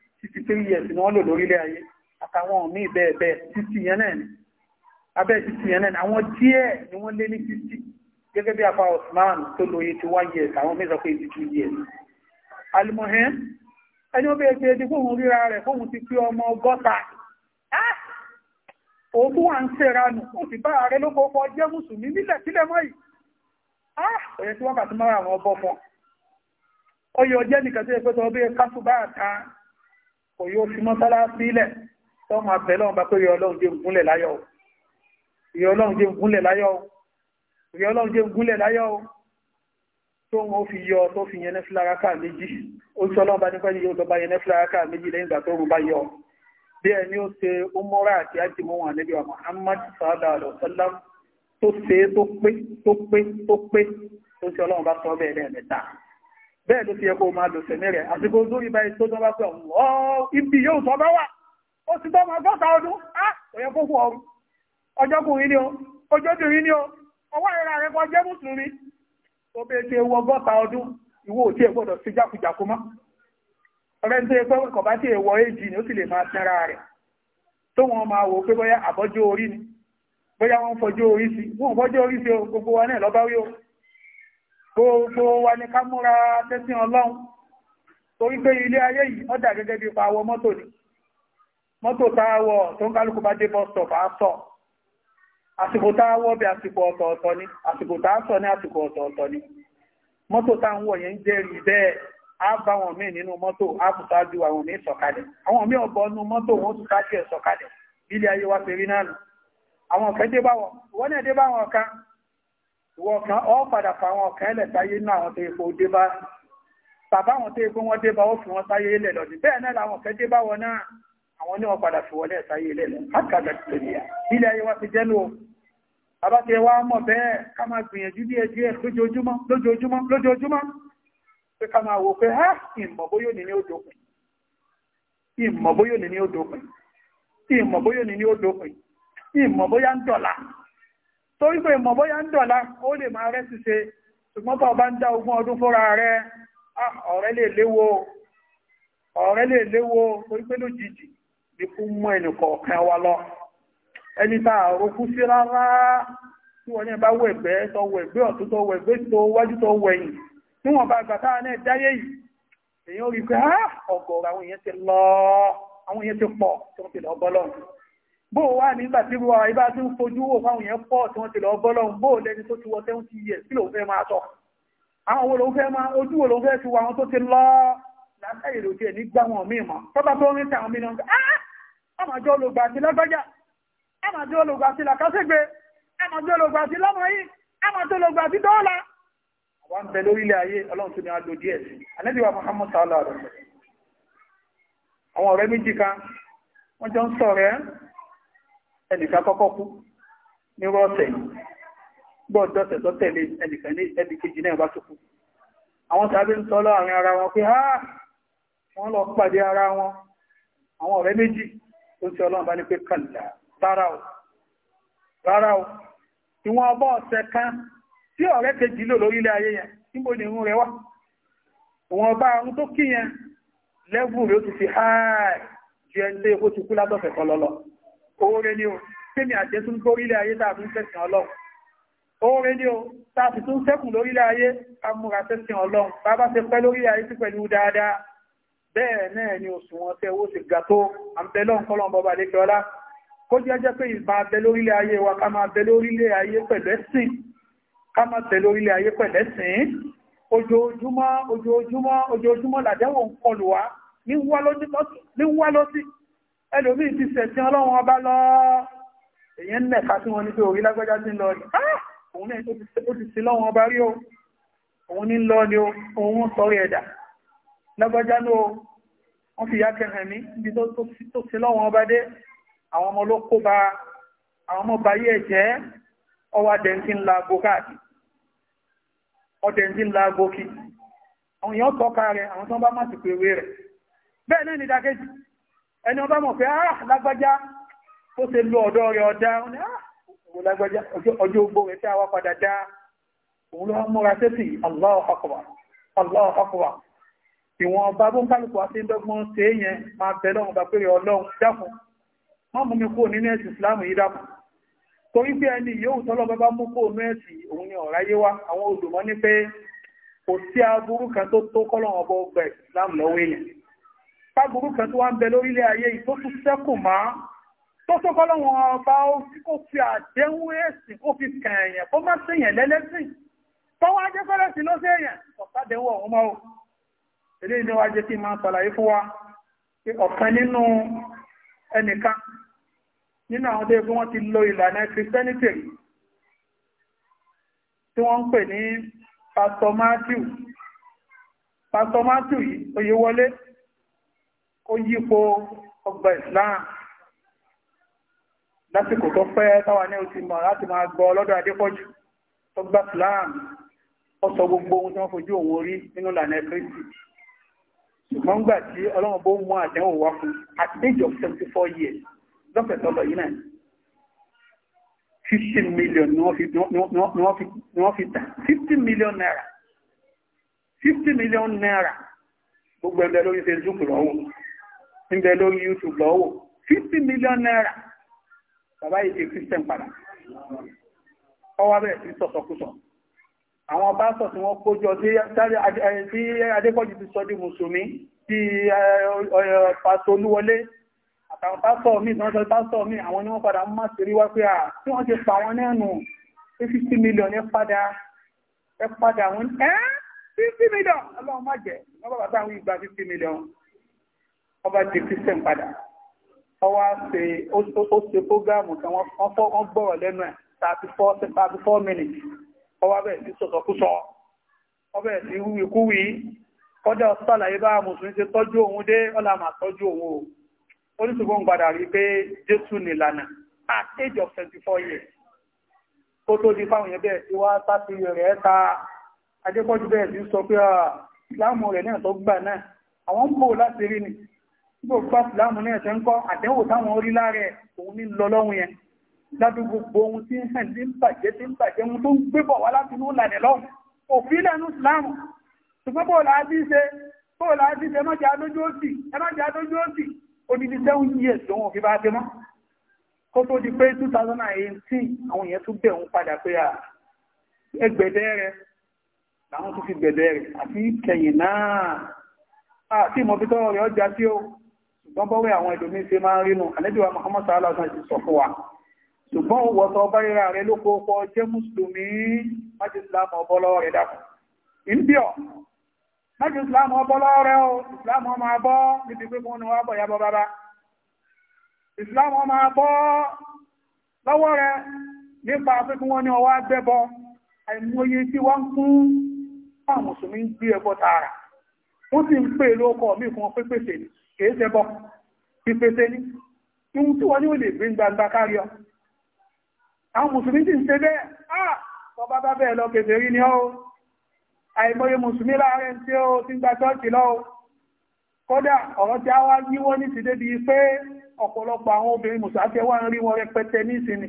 [SPEAKER 1] títí three years ni wọ́n lò lórílẹ̀ ayé àtàwọn míì bẹ́ẹ̀ bẹ́ẹ̀ títí yẹn náà ni abẹ́ títí yẹn náà ni àwọn díẹ̀ ni wọ́n lé ní títí gẹ́gẹ́ bí apá Osman tó lo eighty one years àwọn mẹ́sàn pé eighty two years alimohen ẹni ó bẹ́ẹ̀ ṣe ti fóun ríra rẹ̀ fóun ti pé ọmọ ọgọ́ta òun tó wà ń ṣèrànù ó sì bá ààrẹ ló kọ́kọ́ jẹ́ mùsùlùmí nílẹ̀ sílẹ̀ mọ́ yìí ọ̀yẹ́ tí wọ́n kà tó mọ́ra àwọn ọbọ̀ fún ọ yọ jẹ́ nìkan tó yẹ pé tọ́ bí kásù bá ta kò yóò fi mọ́sálá sílẹ̀ tó máa bẹ̀ lọ́wọ́n bá pé yọ ọlọ́run jẹ́ gúnlẹ̀ láyọ̀ yọ ọlọ́run jẹ́ gúnlẹ̀ láyọ̀ yọ ọlọ́run jẹ́ gúnlẹ̀ láyọ̀ tó wọn fi yọ tó fi yẹn nẹ́fìlára káà méjì ó sọ ọlọ́run bá ní pẹ́ni yóò lọ́ba yẹn nẹ́fìlára káà méjì lẹ́yìn ìgbà tó rùn bá yọ bí ẹni ó ṣe ó mọ́ra àti ájìmọ́ wọn àlẹ́bí wa Muhammad Sada alaihi wasallam tó ṣe tó pé tó pé tó pé tó ṣe ọlọ́run bá sọ bẹ́ẹ̀ lẹ́ẹ̀mẹ́ta bẹ́ẹ̀ ló fi yẹ kó máa lò sẹ̀mí rẹ̀ àsìkò lórí báyìí tó dánwà pé ibi yóò sọ bá wà ó sì tọ́ ọdún á kò kó fún ọrùn ọjọ́kùnrin ni ó ọjọ́bìnrin ni ó ọwọ́ ìra rẹ̀ kọjá mùsùlùmí ó bẹ́ẹ̀ ti ewu ọgọ́ta ọdún ìwọ òtí ẹ̀ sí jákujàkú mọ́ ọ̀rẹ́ tó yẹ pé bá ni ó sì lè máa wọn máa wò pé bóyá àbọ́jọ́ orí ni bóyá wọ́n gbogbo wa ni ká múra tẹ́sí ọlọ́run torí pé ilé ayé yìí ó dà gẹ́gẹ́ bí pa àwọ mọ́tò ni mọ́tò táàwọ̀ tó ń kálukú bá dé bá sọ àsìkò táàwọ̀ bí àsìkò ọ̀tọ̀ọ̀tọ̀ ni àsìkò ní ọ̀tọ̀ọ̀tọ̀ ni mọ́tò táàwọ̀ yẹn ń jẹ́rìí bẹ́ẹ̀ á bá wọn míì nínú mọ́tò á kù sáájú àwọn sọ̀kalẹ̀ àwọn àwọn dé báwọn ìwọ kan ọ padà fà àwọn ọ̀kan ẹlẹ̀ sáyé ní àwọn tó epo dé bá bàbá àwọn tó epo wọn dé bá ó fi wọn sáyé ilẹ̀ lọ́dún bẹ́ẹ̀ náà làwọn kẹ́ dé bá wọn náà àwọn ní wọn padà fi wọlé sáyé ilẹ̀ lọ àkàdà tòlìyà ilẹ̀ ayé wa ti jẹ́ lò bàbá ti wá mọ̀ bẹ́ẹ̀ ká máa gbìyànjú díẹ̀ díẹ̀ lójoojúmọ́ lójoojúmọ́ lójoojúmọ́ pé ká máa wò pé ha ìmọ̀ bóyó ni ní ó dópin ìmọ̀ bóyó ni ní ó dópin ìmọ̀ bóyó ni ní ó dópin ìmọ̀ bóyá ń dọ̀la torí pé mọ̀ bóyá ń dọ̀lá ó lè máa rẹ́ ṣiṣe ṣùgbọ́n bá ọba ń dá ogún ọdún fúnra rẹ̀ ọ̀rẹ́ lè léwo ọ̀rẹ́ lè léwo torí pé lójijì ní kú mọ́ ẹnìkọ̀ọ̀kan wa lọ ẹni tá àrókú sí rárá tí wọ́n ní bá wọ ẹ̀gbẹ́ tó wọ ẹ̀gbẹ́ ọ̀tún tó wọ ẹ̀gbẹ́ tó wájú tó wọ ẹ̀yìn tí wọ́n bá gbà táà náà dáyé yìí èèyàn rí pé ọgọ̀ọ̀rọ̀ àwọn èèyàn ti lọ àwọn èèyàn ti pọ̀ tó ń fi lọ bọ́lọ́run bó wà nígbà tí wọ́n ibá tí ń fojú wò fáwọn èèyàn pọ̀ tí wọ́n ti lọ bọ́lọ́run bó lẹ́ni tó ti wọ 70 years kí ló fẹ́ máa sọ àwọn wo ló fẹ́ máa ojú wo ló fẹ́ ti wọ àwọn tó ti lọ látàrí ló tiẹ̀ ní gbá wọn míì mọ́ tọ́ba tó rí tàwọn míì náà àmàjọ́ olùgbà àti lágbájá àmàjọ́ olùgbà àti làkásẹ́gbé àmàjọ́ olùgbà àti lọ́mọ yìí àmàjọ́ olùgbà àti dọ́ọ̀la àwọn bẹ lórílẹ̀ ayé ọlọ́run tó ní àjò díẹ̀ sí anẹ́bíwá Muhammad sallallahu alaihi wasallam àwọn ọ̀rẹ́ méjì kan wọ́n jọ ń sọ̀rẹ́ ẹnìkan kọ́kọ́ kú nírú ọ̀sẹ̀ yìí gbọ́ọ̀dọ́sẹ̀ tó tẹ̀lé ẹnìkan ní ẹnìkejì náà bá tó kú àwọn tàbí ń sọ ara wọn pé wọ́n lọ pàdé ara wọn àwọn ọ̀rẹ́ méjì tó ń ọlọ́run bá ní o rárá o ìwọ̀n kan tí ọ̀rẹ́ oore ni o tẹ́mi àjẹ́ tún gbórílẹ̀ ayé tàà tún tẹ́sìn ọlọ́run oore ni o tàà sì tún sẹ́kùn lórílẹ̀ ayé amúra tẹ́sìn ọlọ́run bàbá ṣe pẹ́ lórílẹ̀ ayé sí pẹ̀lú dáadáa bẹ́ẹ̀ náà ni òṣùwọ̀n tẹ́ owó sì ga tó àǹbẹ̀lọ́n kọ́lọ́n bọba lẹ́kẹ́ọ́lá kó jẹ́ jẹ́ pé ìbá abẹ lórílẹ̀ ayé wa ká máa bẹ lórílẹ̀ ayé pẹ̀lẹ́sìn ká máa bẹ lórílẹ̀ ayé pẹ̀lẹ́sìn ojoojúmọ́ ojoojúmọ́ ojoojúmọ́ làdẹ́wọ̀n kọlù wá ní wá lọ sí ẹlòmí ti sẹ̀sìn ọlọ́run ọba lọ èyí ń nẹ̀ka tí wọ́n ní pé orí lágbájá ti ń lọ rí ah! òun náà ó ti sí lọ́run ọba rí o òun ní lọ ni òun sọrí ẹ̀dà lágbájá ló wọ́n fi yá kẹrẹ̀ mí níbi tó sí lọ́run ọba dé àwọn ọmọ ló kó ba àwọn ọmọ bayé ẹ̀jẹ̀ ọwà dẹ̀ntín laago káàkiri ọdẹ̀ntín laago kí àwọn èèyàn tọ́ka rẹ̀ àwọn tó bá má sì pèwé rẹ̀ bẹ́ẹ̀ náà ni dákẹ́jì ẹni ọba mọ̀ pé ah lágbájá ó ṣe lọ ọ̀dọ́ rẹ̀ ọ̀dá ah, ọjọ́ ogbó rẹ̀ tí a wá padà dá òun ló múra sẹ́sì Allahu ìwọ̀n ọba bó ń kálùkù àti ìdọ́gbọ́n ṣe é yẹn máa bẹ̀ lọ́run bá péré ọlọ́run dákun wọ́n mú mi kúrò nínú ìsìláàmù yìí dákun torí pé ẹni yóò tọ́lọ́ bá bá mú kúrò nínú kan tó tó tágbùrú kan tó wá ń bẹ lórílẹ̀ ayé tó tún sẹ́kù má tó tó kọ́ lọ́wọ́n ọba ó fi kó fi àdéhùn èsì kó fi kàn èèyàn kó má séèyàn lẹ́lẹ́sìn tó wá jẹ́ fẹ́rẹ̀ sí ló séèyàn ọ̀sádẹ́wọ̀ ọmọ o eléyìí ni wá jẹ́ kí n máa ṣàlàyé fún wa pé ọ̀kan nínú ẹnìkan nínú àwọn tó yẹ kí wọ́n ti lo ìlànà Christianity tí wọ́n ń pè ní Pastor Matthew Pastor Matthew yìí oyewọlé ó yípo ọgbà islam lásìkò tó pẹ́ táwa ní oṣù mọ̀ láti máa gbọ́ lọ́dọ̀ adépọ̀jù tó gbà islam ó sọ gbogbo ohun tí wọ́n fojú òun rí nínú ìlànà kristi ṣùgbọ́n gbà tí ọlọ́run bó mú àdéhùn wá fún at age of seventy four years lọ́fẹ̀ tọ́lọ̀ yìí náà fifteen million ni wọ́n fi tà fifteen million naira fifty million naira gbogbo ẹgbẹ́ lórí facebook lọ́wọ́ níbẹ̀ lórí YouTube lọ́wọ́ fifty million naira bàbá yìí ṣe christian padà ọwọ́ abẹ́rẹ́ sí sọ̀sọ̀kúsọ̀ àwọn bá sọ̀ tí wọ́n kójọ tí adékọ́jì ti sọ di mùsùlùmí tí pàṣẹ olúwọlé àtàwọn pásọ̀ mi tí wọ́n sọ pásọ̀ mi àwọn ni wọ́n padà mú màṣírí wá pé à tí wọ́n ti pa wọn nẹ́nu fifty million ẹ padà ẹ padà wọn ẹ́ fifty million ọlọ́run má jẹ́ wọ́n bàbá táwọn ìgbà fifty million ọba di christian padà ọwọ́ ṣe ó ṣe fógámù kan wọ́n gbọ́rọ̀ lẹ́nu ẹ̀ 34 minutes ọwọ́ bẹ̀ sí sọ̀sọ̀kúsọ ọbẹ̀ sí wíwíkúwí kọjá ọ̀sọ́làyé bá mùsùlùmí ṣe tọ́jú òun dé ọlàmà tọ́jú òun o oníṣùgbọ́n padà rí pé jésù nìlànà at age of 24 years kó tó di fáwọn yẹn bẹ́ẹ̀ sí wá sátìrì rẹ̀ ta adépọ́jú bẹ́ẹ̀ sí sọ pé ah, ìsìláàmù rẹ̀ náà tó gbà náà àwọn ń bò láti rí ni gbogbo ìsìláàmù ní ẹ̀ṣẹ̀ ń kọ́ àdẹ́wò táwọn orí láàrẹ òun ní lọ lọ́hun yẹn lábí gbogbo ohun tí ń hàn tí ń bàjẹ́ tí ń bàjẹ́ ohun tó ń gbébọ̀ wá láti inú ìlànà lọ́hun òfin ìlànà ìsìláàmù ṣùgbọ́n bó la ti ṣe bó la ti ṣe má jẹ́ adójú òsì ẹ má jẹ́ adójú òsì odidi seven years lòun òfin bá dé mọ́ kó tó di pé 2018 àwọn èèyàn tún bẹ̀ òun padà pé à ẹgbẹ̀dẹ́ rẹ làwọn tún fi gbẹ̀dẹ́ rẹ àti rẹ̀ ọjà sí o wọ́n bọ́wẹ́ àwọn ìlú míín ṣe máa ń rínú ànábìwá Muhammad sallallahu alaihi wasallam ti sọ fún wa ṣùgbọ́n òwò tó bá ríra rẹ ló kó pọ jẹ́ mùsùlùmí májú ìsìlámù ọbọ lọ́wọ́ rẹ dàkú ìbíọ̀ májú ìsìlámù ọbọ lọ́wọ́ o ìsìlámù ọmọ abọ́ níbi pé fún wa bọ̀ yabọ̀ bàbá ìsìlámù ọmọ abọ́ lọ́wọ́ rẹ nípa pé fún wọn ní ọwọ́ agbẹ́bọ àìmọye tí wọ́n ń kún àwọn mùsùlùmí ń gbé ẹbọ tààrà wọ́n sì ń pè lóko mí fún pépèsè nìí kìí ṣe bọ́ pípété ní ohun tí wọ́n ní ò lè gbé gbangba kárí ọ àwọn mùsùlùmí ti ń ṣe bẹ́ẹ̀ ah bọ́bá bá bẹ́ẹ̀ lọ kèfè rí ni ó àìmọye mùsùlùmí láàárẹ̀ tí ó ti ń gba ṣọ́ọ̀kì lọ kódà ọ̀rọ̀ tí a wá yíwọ́ ní ti débi pé ọ̀pọ̀lọpọ̀ àwọn obìnrin mùsùlùmí wá ń rí wọn rẹpẹtẹ ní ìsinmi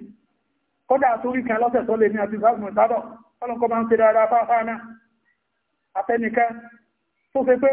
[SPEAKER 1] kódà torí kan lọ́sẹ̀ tó lè ní àti ìfàgùn ìsábọ̀ máa ń ṣe dáadáa fáfáà náà tó ṣe pé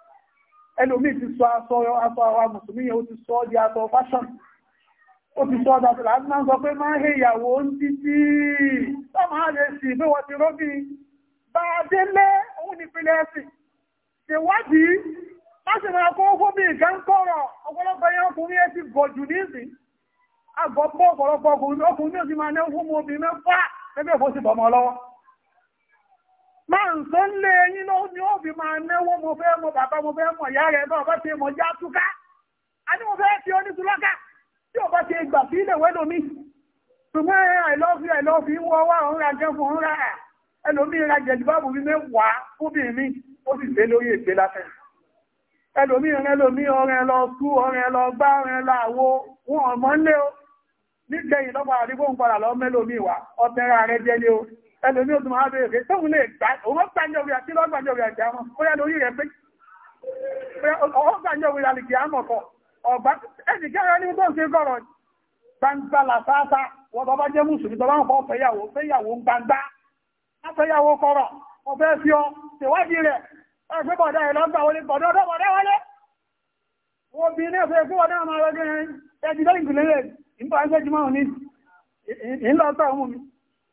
[SPEAKER 1] ẹlòmí ti sọ aṣọ aṣọ àwọn mùsùlùmí yẹn ó ti sọ di aṣọ fashion ó ti sọ dàtọ̀ láti máa ń sọ pé máa ń hẹ ìyàwó ń títí sọ́mà á lè sì pé wọ́n ti rọ́bì bá a dé lé òun nípínlẹ̀ ẹ̀sìn ṣèwádìí láti máa kó owó bí ìgá ń kọ́rọ̀ ọ̀pọ̀lọpọ̀ ẹyẹ ọkùnrin ẹ ti gọ̀ jù níìsín àgọ́pọ̀ ọ̀pọ̀lọpọ̀ ọkùnrin ọkùnrin ní òsì máa ní ó fún mi obìnrin mẹ́fà gẹ́gẹ́ bó sì bọ̀mọ́ lọ́wọ́ ma ún nne enyi na ni obi ma máa náwó mo fẹ́ mọ bàbá mo ya mọ ìyá rẹ̀ náà bá ti mọ̀ já a ní mo fi onítúlọ́kà tí ò bá ti gbà sí ilé ìwé lómi ṣùgbọ́n àìlọ́fi àìlọ́fi ń wọ́wọ́ òun ra jẹ́ fún ra ẹlòmí ra jẹ̀dìbábù bí o fúnbìnrin ó sì gbé lórí ègbé lásán elomi rẹ lómi ọrẹ lọ tú ọrẹ lọ gbá o nígbẹ̀yìn lọ́pàá àdígbò wa o ẹlòmí òtún máa bèèrè tóun lè gbà òun gbàjọ́ orí àti lọ́gbàjọ́ orí àti àmọ́ lórí rẹ̀ pé ọwọ́ gbàjọ́ orí àlìkì àmọ́ kọ ọgbà ẹnì kẹrẹ ní tó ń ṣe gbangba làfáàfá wọn bá bá mùsùlùmí tó bá ń gbangba fi ọ wọlé wọlé ìgbìlẹ̀ ẹgbẹ́ jùmọ̀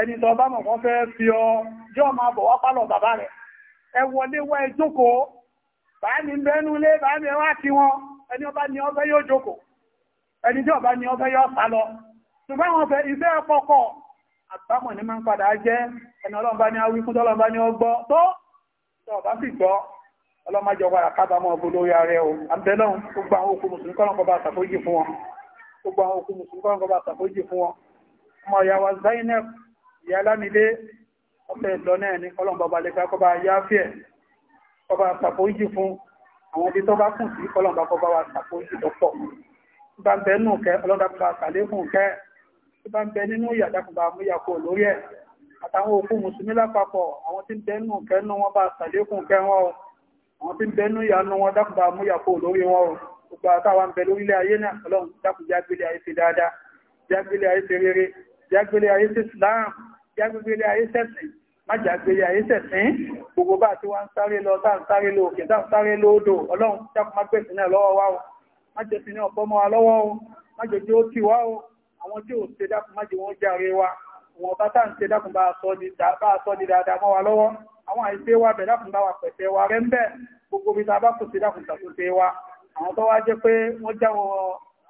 [SPEAKER 1] ẹni tó bá mọ̀ wọ́n fẹ́ fi ọ jọ́ máa bọ̀ wá pálọ̀ bàbá rẹ̀ ẹ wọlé wá ẹ jókòó báyìí ń bẹ́nu lé báyìí wá kí wọn ẹni ọba ni ọbẹ̀ yóò jókòó ẹni tí ọba ni ọbẹ̀ yóò sá lọ ṣùgbọ́n wọn fẹ́ iṣẹ́ pọ̀kọ̀ àgbámọ̀ ní máa ń padà jẹ́ ẹni ọlọ́mbá ní awí fún tọ́lọ́mbá ní ọgbọ́ tó tọ́ọ̀bá sì gbọ́ ọlọ́májọ wà kábàámọ̀ ọgbọ́ lórí ààrẹ o àbẹ́lọ́n gbogbo àwọn okùn mùsùlùmí kọ́lọ́kọ́ bá ṣàfójì fún wọn ọmọ ìyàwó Zainab ìyá lámilé ọmọ ìlọ náà ní kọlọ̀n bàbá lẹ́gbà kọba yáfẹ́ kọba sàpòójì fún àwọn ibi tó bá kùn sí kọlọ̀n bá kọba wa sàpòójì lọ́pọ̀ bá ń bẹ nù kẹ ọlọ́dàkùnbà sàlékùn kẹ bá ń bẹ nínú ìyàdàkùnbà múyàkó lórí ẹ̀ àtàwọn òkú mùsùlùmí lápapọ̀ àwọn tí ń bẹ nù kẹ nù wọn bá sàlékùn kẹ wọn o àwọn tí ń bẹ nù ìyànú wọn dákùnbà múyàkó lórí wọn o gbogbo àtàwọn bẹ lórílẹ̀ ayé náà ọlọ́run dákùn jágbélé ayé ti dáadáa jágbélé ayé ti rere jágbélé ayé ti Islam jágbégbélé ayé sẹ̀sìn májà gbélé ayé sẹ̀sìn gbogbo bá ti wá ń sáré lọ tá ń sáré lọ òkè tá ń sáré lóòdò ọlọ́run jákùn má gbèsè náà lọ́wọ́ wa o májè sí ní ọ̀pọ̀ mọ́ wa lọ́wọ́ o májè tí ó ti wá o àwọn tí ò ṣe dákun májè wọn jàre wa wọn bá tá ń ṣe dákun bá a sọ di dáadáa mọ́ wa lọ́wọ́ àwọn àìsí wa bẹ̀ dákun bá wa pẹ̀sẹ̀ wa rẹ́ ń bẹ̀ gbogbo bí ta bá kù sí dákun ṣàtúnṣe wa àwọn tó wá jẹ́ pé wọ́n jáwọ́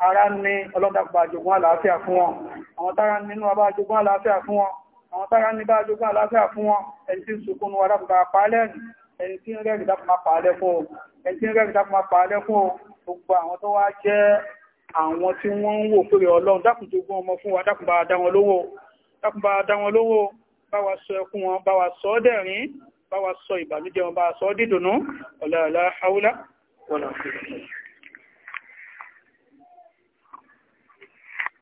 [SPEAKER 1] ara ní ọlọ́dàgbà àjògùn àlàáfíà fún wọn àwọn tára nínú abá àlàáfíà fún wọn àwọn tára ní bá jogún àlàáfíà fún wọn ẹni tí ń sunkún wa dákùnbà pàálẹ̀ ẹni tí ń rẹ̀rì dákùnbà pàálẹ̀ fún o ẹni tí ń rẹ̀rì dákùnbà pàálẹ̀ fún o gbogbo àwọn tó wá jẹ́ àwọn tí wọ́n ń wò pé ọlọ́run dákùn jogún ọmọ fún wa dákùnbà